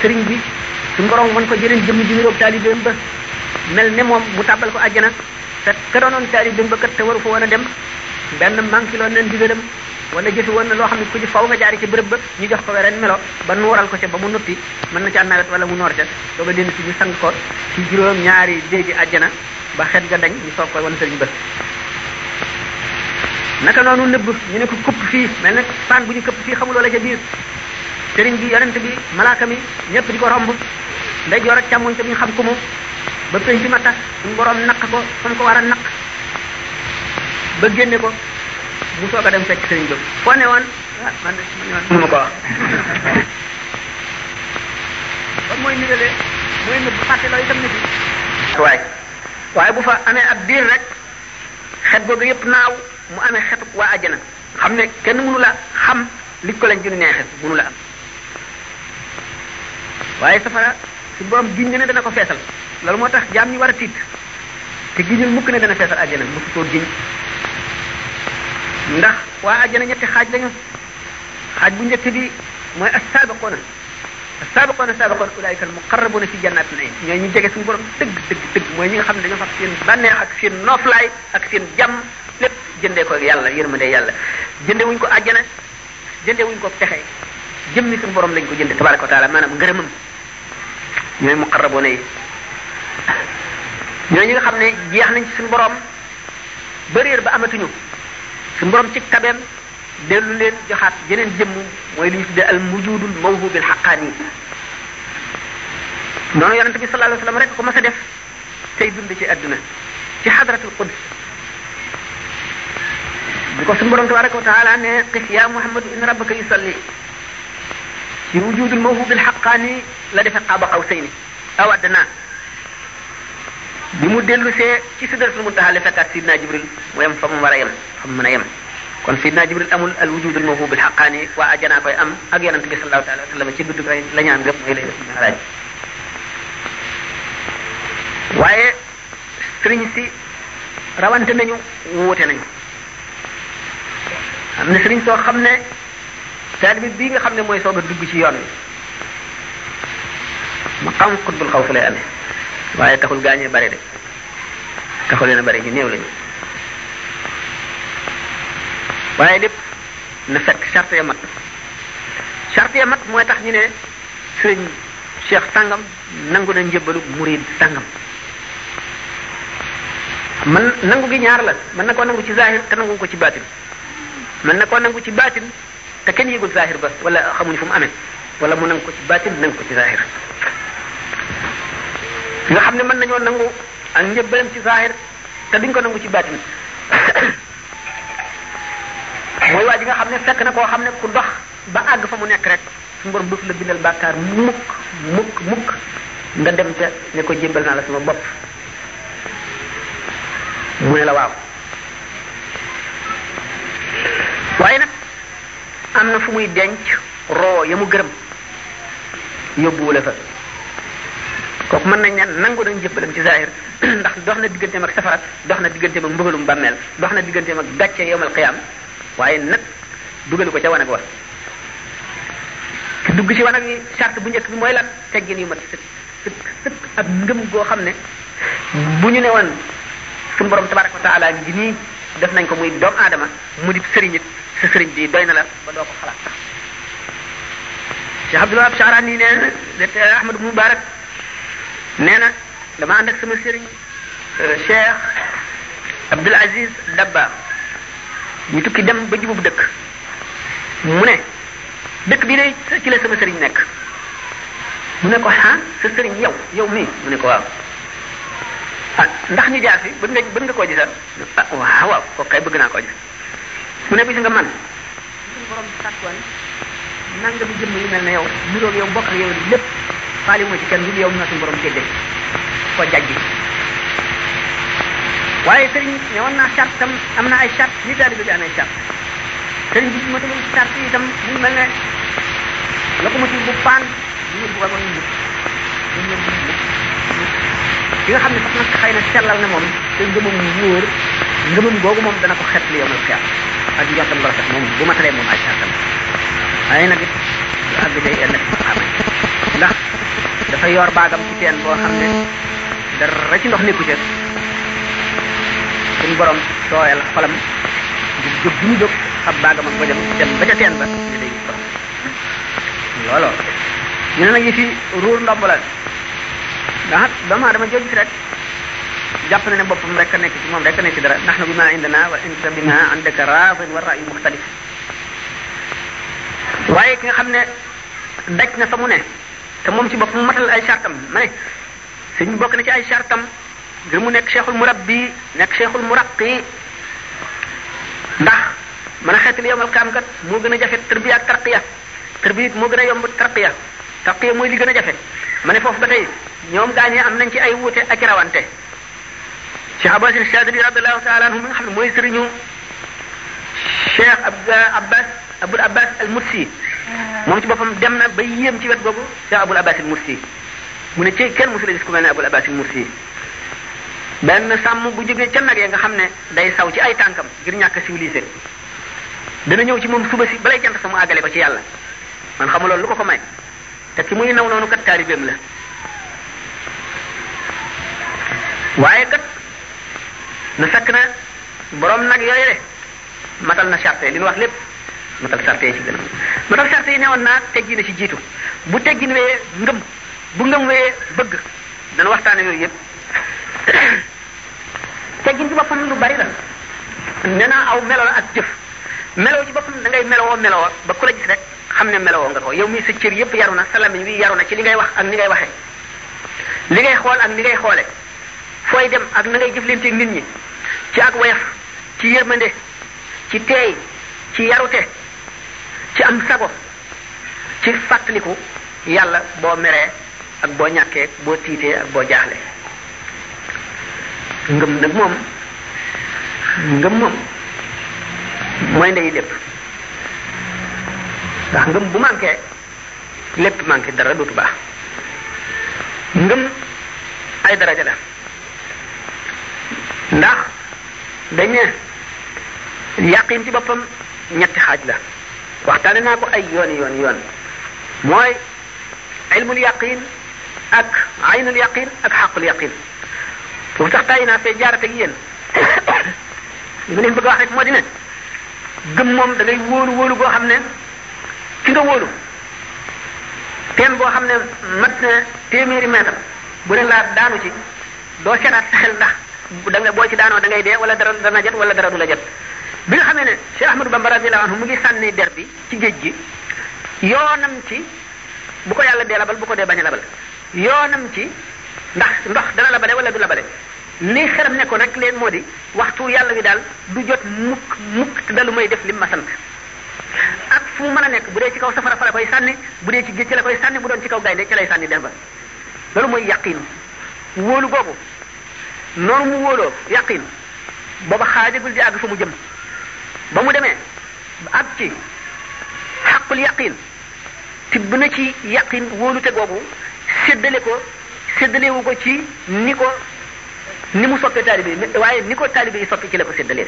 sëriñ bi suñu borom wan ko jeneen jëmm ji niroog taalibeem ba mel ne moom mu tàbbal ko àjjana te ka doonoon taalibeem ba kat te waru fa wan a dem benn manqué loon leen digalam wala gis woon na loo xam ne ku ci faw nga jaari ci bërëb ba ñu jox ko weneen melo ba nuural ko ca ba mu noppi mën na ca nawet wala mu noor ca dooga dénn si ñu sang ko ci juróom ñaari déegi àjjana ba xet ga dañ ñu soog koy wan sëriñ bët naka noonu nëbb ñu ne ko këpp fii mel nag paan bu ñu këpp fii xamuloo la ca biir sëriñ bi yonent bi malaaka mi ñëpp di ko romb nday joor ak càmmoñ te ñu xam ko mu ba pénc ma tas suñu borom naq ko fa ko war a naq ba génne ko mu soog a dem fekk sëriñ bi foo ne mooy nirale mooy nëbb waaye bu fa amee ab diir rek xet googu yëpp naaw mu amee xetu waa àjjana xam ne kenn mënu la xam li ko lañ jënd neexee mënu la am waaye safara su borom giñ ne dana ko feesal loolu moo tax jaam ñi war a tiit te giñul mukk ne dana feesal àjjana mosu koo giñ. ndax waa àjjana ñetti xaaj lañu xaaj bu njëkk bi mooy as-saabiquuna as-saabiquuna as-saabiquuna ulaa'ika al-muqarrabuuna fi jannaati na'iim ñooy ñu jege suñu borom dëgg dëgg mooy ñi nga xam ne dañoo fab seen bànneex ak seen nooflaay ak seen jàmm lépp jëndee ko yàlla yërmande yàlla jënde wuñ ko àjjana jënde wuñ ko pexe jëmmi suñu borom lañ ko jënde tabaaraka wa taala maanaam ngërëmam ñooy muqarrabuuna yi ñooy ñi nga xam ne jeex nañ ci suñu borom ba réer ba amatuñu suñu borom ci kabeem dellu leen joxaat jeneen jëmm mooy li ñu tuddee al mujudul mawhubil xaqaani noonu yonente bi sallallahu alayhi ko mas def tey dund ci adduna ci xadratul quds bi ko suñu borom tabaraka wa taala ne qif ya muhammadu in rabbaka yusalli ci wujudul mawhubil xaqaani la defee qaaba qawsayni aw bi mu dellusee ci sidratul muntaha la fekkaat sidna jibril mu yem fa mu war a yem fa mu mën a kon sidna jibril amul al wujudul mawhu bil haqqani waa ajjanaa koy am ak yonent bi sallallahu ci gudd la ñaan gëpp mooy laylatul mi'raj waaye sëriñ si rawante nañu wuute nañu am na sëriñ soo xam ne taalibi bii nga xam ne mooy soog a dugg ci yoon wi maqaam xutbul xaw fu lay amee waaye taxul gaañee bare de taxul leen na bare ñu néew lañu waaye lépp na fekk charte ya mat charte ya mat mooy tax ñu ne sëñ Cheikh sàngam nangu na njëbbalu murid sàngam man nangu gi ñaar la mën na koo nangu ci zahir te nangu ko ci baatin mën na koo nangu ci baatin te kenn yëgul zahir ba wala xamuñu fu mu amee wala mu nangu ko ci baatin nangu ko ci zahir nga xam ne mën nañoo nangu ak njëbbalam ci saahir te duñ ko nangu ci baatin mooy waa nga xam ne fekk na koo xam ne ku dox ba àgg fa mu nekk rek su mborom dootu la bindal bàkkaar mukk mukk mukk nga dem te ne ko jébbal naa la sama bopp mu ne la waaw waaye nag am na fu muy denc roo ya mu gërëm yóbbuwule fa kooku mën nañ naan nangu nañ jëbbalam ci zahir ndax dox na digganteem ak safara dox na digganteem ak mbugalum bàmmeel dox na digganteem ak gàcce yowmal qiyaam waaye nag dugalu ko ca wanag wa dugg ci wanag yi charte bu njëkk bi mooy lan teggin yu mat sëkk sëkk sëkk ak ngëm goo xam ne bu ñu ne woon suñu borom tabaraka wa taala ngi nii def nañ ko muy doomu adama mu di sëriñ it sëriñ bi doy na la ba doo ko xalaat sax Cheikh Abdoulaye Abdoulaye Abdoulaye Abdoulaye Ahmad Mubarak nee na dama ànd ak sama sëriñ euh, Cheikh Abdul Aziz Dabba ñu tukki dem ba jubub dëkk mu ne dëkk bi day ci la sama sëriñ nekk mu ne ko ah sa sëriñ yow yow mii mu ne ko waaw ah, ndax ni jaar fi bëgg nga bëgg nga koo gisal ah waaw waaw kooku kay naa koo mu ne bis nga man borom sàkkuwal nanga bi jëmm yu mel ne yow niroog yow mbokk ak yow lépp faali moo ci kenn lu yow mi nga suñu borom jéggal ko jajji waaye sëriñ ne woon naa charte tam am na ay charte ni taalibe bi amee charte sëriñ bi ma tamul charte yi tam mu mel ne locomotive bu paan bu ñu bugg a ñu ki nga xam ne sax nag xëy na sellal ne moom te ngëmam wóor ngëmam googu moom dana ko xet li yomal xeer ak njortam bu rafet moom bu ma talee moom ay chartam waaye nag it du àgg day nag xamee dafa yor baagam ci teen boo xam ne dara ci ndox nekku ca suñ borom sooyal xolam ngir jóg bi mu jóg ab baagam ak bajam dem ba ca teen ba ñu day borom looloo ñu ne nag yi fi ruur ndomb la ndax doomu aadama jooju fi rek jàpp na ne boppam rek a nekk ci moom rek a nekk ci dara ndax na bi ma indana wa inta bi ma indaka raadin wa ra'yu muxtalif waaye ki nga xam ne daj na fa mu ne te moom ci boppam matal ay sartam ma ne sëñ bokk na ci ay sartam ngir mu nekk cheikhul murabbi nekk cheikhul muraqi ndax mën a xeetal yomal kaam kat moo gën a jafe tarbiya ak tarqiya tarbiya moo gën a yomb tarqiya tarqiya mooy li gën a jafe ma ne foofu ba tey ñoom gaañee am nañ ci ay wuute ak i rawante Cheikh Abasin Chadili radiallahu taala anhu mi nga xam ne mooy sëriñu Cheikh Abbas Abul Abbas al moom ci boppam dem na ba yéem ci wet boobu Cheikh Abul Abbas al-Mursi mu ne ci kenn mosu la gis ku mel ne Abul Abbas al-Mursi benn sàmm bu jógee ca nag ya nga xam ne day saw ci ay tànkam ngir ñàkk a civilisé dana ñëw ci moom suba si balay jant sa mu àggale ko ci yàlla man xamul loolu lu ko ko may te ki muy naw noonu kat taalibeem la waaye kat na fekk na borom nag yooyu de matal na charte li ñu wax lépp. matal sarte yi ci gën yi newoon naa teggin a ci jiitu bu teggin wee ngëm bu ngëm wee bëgg dana waxtaane yooyu yëpp teggin ci boppam lu bari la nee naa aw melo ak jëf meloo ci boppam da ngay melowoo melowoo ba ku la rek xam ne melowoo nga ko yow mi sa cër yëpp yaru na sa lamiñ wi yaru na ci li ngay wax ak ni ngay waxee li ngay xool ak ni ngay xoole fooy dem ak na ngay jëflante nit ñi ci ak woyof ci yërmande ci teey ci yarute ci am sago ci fàttaliku yàlla boo meree ak boo ñàkkee boo tiitee ak boo jaaxle ngëm nag moom ngëm moom mooy ndeyu lépp ndax ngëm bu manqué lépp manqué dara dootu baax ngëm ay daraja ndax dañ ne yàqin ci boppam ñetti xaaj la waxtaane naa ko ay yoon yoon yoon mooy ilmul yaqin ak aynul yaqin ak xaqul yaqin boobu sax tàyyi naa fee jaarate gi yéen li ma leen bëgg moo di ne gëm moom da ngay wóolu wóolu xam ne ki nga wóolu teen boo xam ne mat na téeméeri mètre bu ne laa daanu ci doo seetaat sa ndax da nga boo ci daanoo da ngay dee wala dara dana jot wala dara la jot bi nga xamee ne Cheikh Ahmadou Bamba radiyallahu anhu mu ngi sànni der bi ci géej gi yoonam ci bu ko yàlla dee labal bu ko dee bañ a labal yoonam ci ndax ndox dana labale wala du labale li xeram nekkoon rek leen moo di waxtu yàlla wi daal du jot mukk mukk te dalu may def lim ma sant ak fu mu mën a nekk bu dee ci kaw safara fa la koy sànni bu dee ci géej ci la koy sànni bu doon ci kaw gaynde ci lay sànni der ba loolu mooy yaqin wóolu googu noonu mu wóoloo yaqin booba àgg fa mu jëm ba mu demee ak ci xaqul yaqin tibb na ci yaqin wóolute googu séddale ko séddalewu ko ci ni ko ni mu soppee taalibe waaye ni ko taalibe yi ci la ko séddalee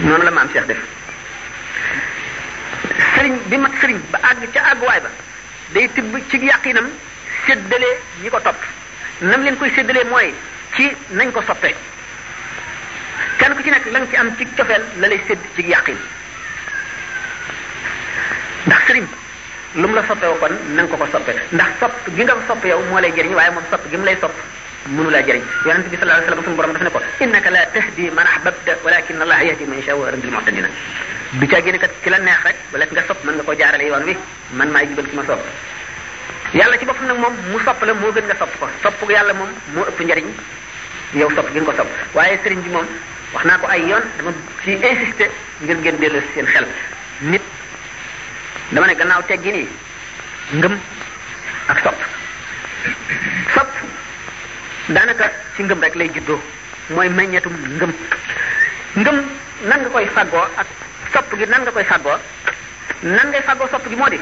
noonu la maam Cheikh def sëriñ bi mat sëriñ ba àgg ca àgguwaay ba day tibb ci yaqinam séddalee ñi ko topp nam leen koy séddalee mooy ci nañ ko soppee kenn ku ci nekk la nga ci am ci cofeel la lay ci yàqin ndax sëriñ lu mu la soppeeku kon na ko ko soppe ndax sopp gi nga sopp yow moo lay jëriñ waaye moom sopp gi lay sopp mënu laa jëriñ yonente bi sallallahu alayhi wasallam suñu borom daf ne ko innaka la tahdi man ahbabta walakin allah yahdi man yashaa wa yardi lil muhtadina du caa génne ki la rek wala ki nga sopp mën nga koo jaarale yoon wi man maay jubal ki ma sopp yàlla ci boppam nag moom mu sopp la moo gën nga sopp ko sopp yàlla moom moo ëpp njariñ yow sopp gi ko sopp waaye sëriñ bi moom wax naa ko ay yoon dama ci insister ngir ngeen dellu seen xel nit dama ne gannaaw teggin yi ngëm ak sopp sopp daanaka ci ngëm rek lay juddoo mooy meññetum ngëm ngëm nan nga koy faggoo ak sopp gi nan nga koy faggoo nan ngay faggoo sopp gi moo di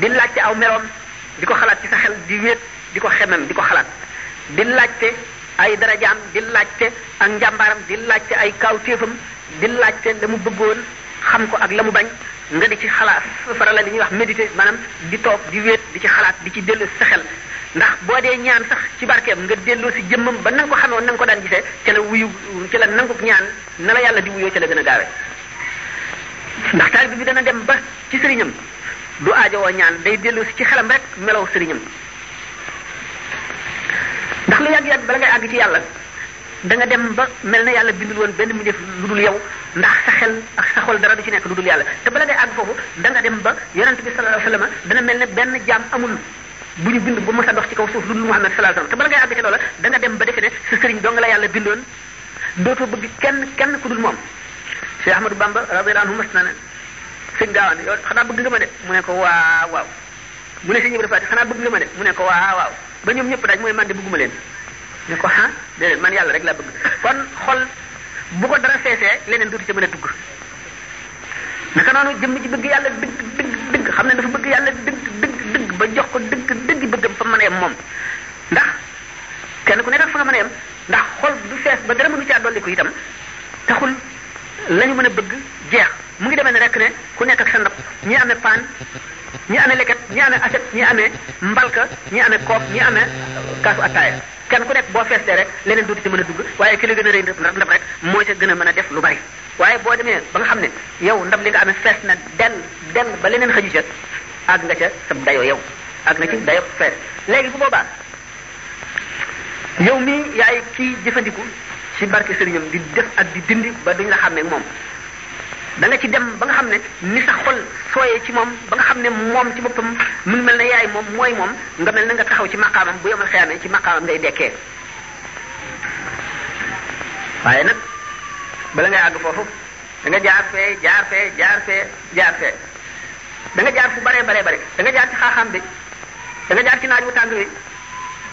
di laajte aw meloom di ko xalaat ci sa xel di wéet di ko xemem di ko xalaat di laajte ay darajaam di laajte ak njàmbaaram di laajte ay kawtéefam di laajte la mu bëggoon xam ko ak la mu bañ nga di ci xalaat farala li ñuy wax méditer maanaam di toog di wéet di ci xalaat di ci dellu sa xel ndax boo dee ñaan sax ci barkeem nga delloo si jëmmam ba na ko xamoon na nga ko daan gisee ca la wuyu ca la nangu ñaan na la yàlla di wuyoo ca la gën a gaawee ndax taalibe bi dana dem ba ci sëriñam du aajowoo ñaan day delloo si ci xelam rek melaw sëriñam lu yàgg-yàgg bala ngay àgg ci yàlla da nga dem ba mel na yàlla bindul woon benn mu def lu dul yow ndax sa xel ak sa xol dara du ci nekk lu dul yàlla te bala ngay àgg foofu da nga dem ba yonent bi sallallahu alayhi wasallam dana mel ne benn jaam amul bu ñu bind ba mos a dox ci kaw suuf lu dul Muhammad sallallahu alayhi wasallam te bala ngay àgg ci loola da nga dem ba defe ne sa sëriñ dong la yàlla bindoon dootoo bëgg kenn kenn ku dul moom Cheikh Ahmadou Bamba radiyallahu anhu mas na ne sëñ gaawaan yow xanaa bëgg nga ma de mu ne ko waaw waaw mu ne sëñ Ibrahima xanaa bëgg nga ma de mu ne ko waaw waaw ba ñoom ñëpp daaj mooy man de bëgguma leen ñu ko ah déedéet man yàlla rek laa bëgg kon xol bu ko dara feesee leneen dootu ca mën a dugg naka noonu jëmm ci bëgg yàlla dëgg dëgg dëgg xam ne dafa bëgg yàlla dëgg dëgg dëgg ba jox ko dëgg dëgg bëggam fa mën a moom ndax kenn ku nekk fa nga ndax xol du fees ba dara mënu caa dolli ko itam taxul la ñu mën a bëgg jeex mu ngi demee ne rek ne ku nekk ak sa ndab ñi amee paan ñi amee leket ñi amee aset ñi amee mbalka ñi amee koop ñi amee kaasu attaaya kenn ku nekk boo feeslee rek leneen dootu ci mën a dugg waaye ki la gën a rëy ndab rek mooy ca gën a mën a def lu bari waaye boo demee ba nga xam ne yow ndab li nga amee fees na dell dell ba leneen xaju ca àgg nga ca sa dayo yow àgg na ci dayoo fees léegi bu boobaa yow mii yaay kii jëfandiku ci barke sëriñam di def ak di dindi ba duñ la xàmmee moom da ci dem ba nga xam ne ni sa xol sooyee ci moom ba nga xam ne moom ci boppam mun mel na yaay moom mooy moom nga mel na nga taxaw ci maqaamam bu yomal xeyaamee ci maqaamam ngay dekkee waaye nag bala ngay àgg foofu da nga jaar fee jaar fee jaar fee jaar fee da jaar fu baree baree bare da nga jaar ci xaaxaam bi da nga jaar ci naaj wu tàng wi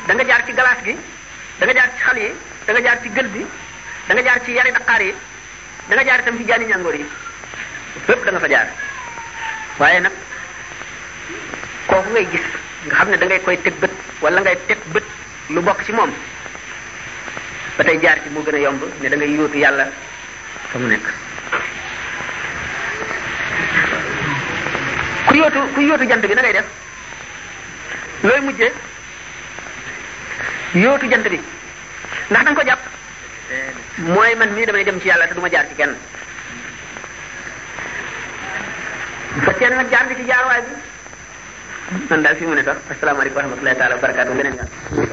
da jaar ci galaas gi da nga jaar ci xal yi da jaar ci gël bi da jaar ci yari daqaar yi da jaar itam ci jaani ñàngoor yi fépp da fa jaar waaye nag kooku ngay gis nga xam ne dangay koy teg bët wala ngay teg bët lu bokk ci moom ba tey jaar ci moo gën a yomb ne dangay yootu yàlla fa mu nekk ku yootu ku yóotu jant bi na ngay def looy mujjee yóotu jant bi ndax da ko jàpp mooy man mii damay dem ci yàlla te duma jaar ci kenn bu fekkee ne nag jaar nga ci jaaruwaay bi man daal fi mu ne sax asalaamaaleykum wa rahmatullahi taala wa barakaatu beneen yoon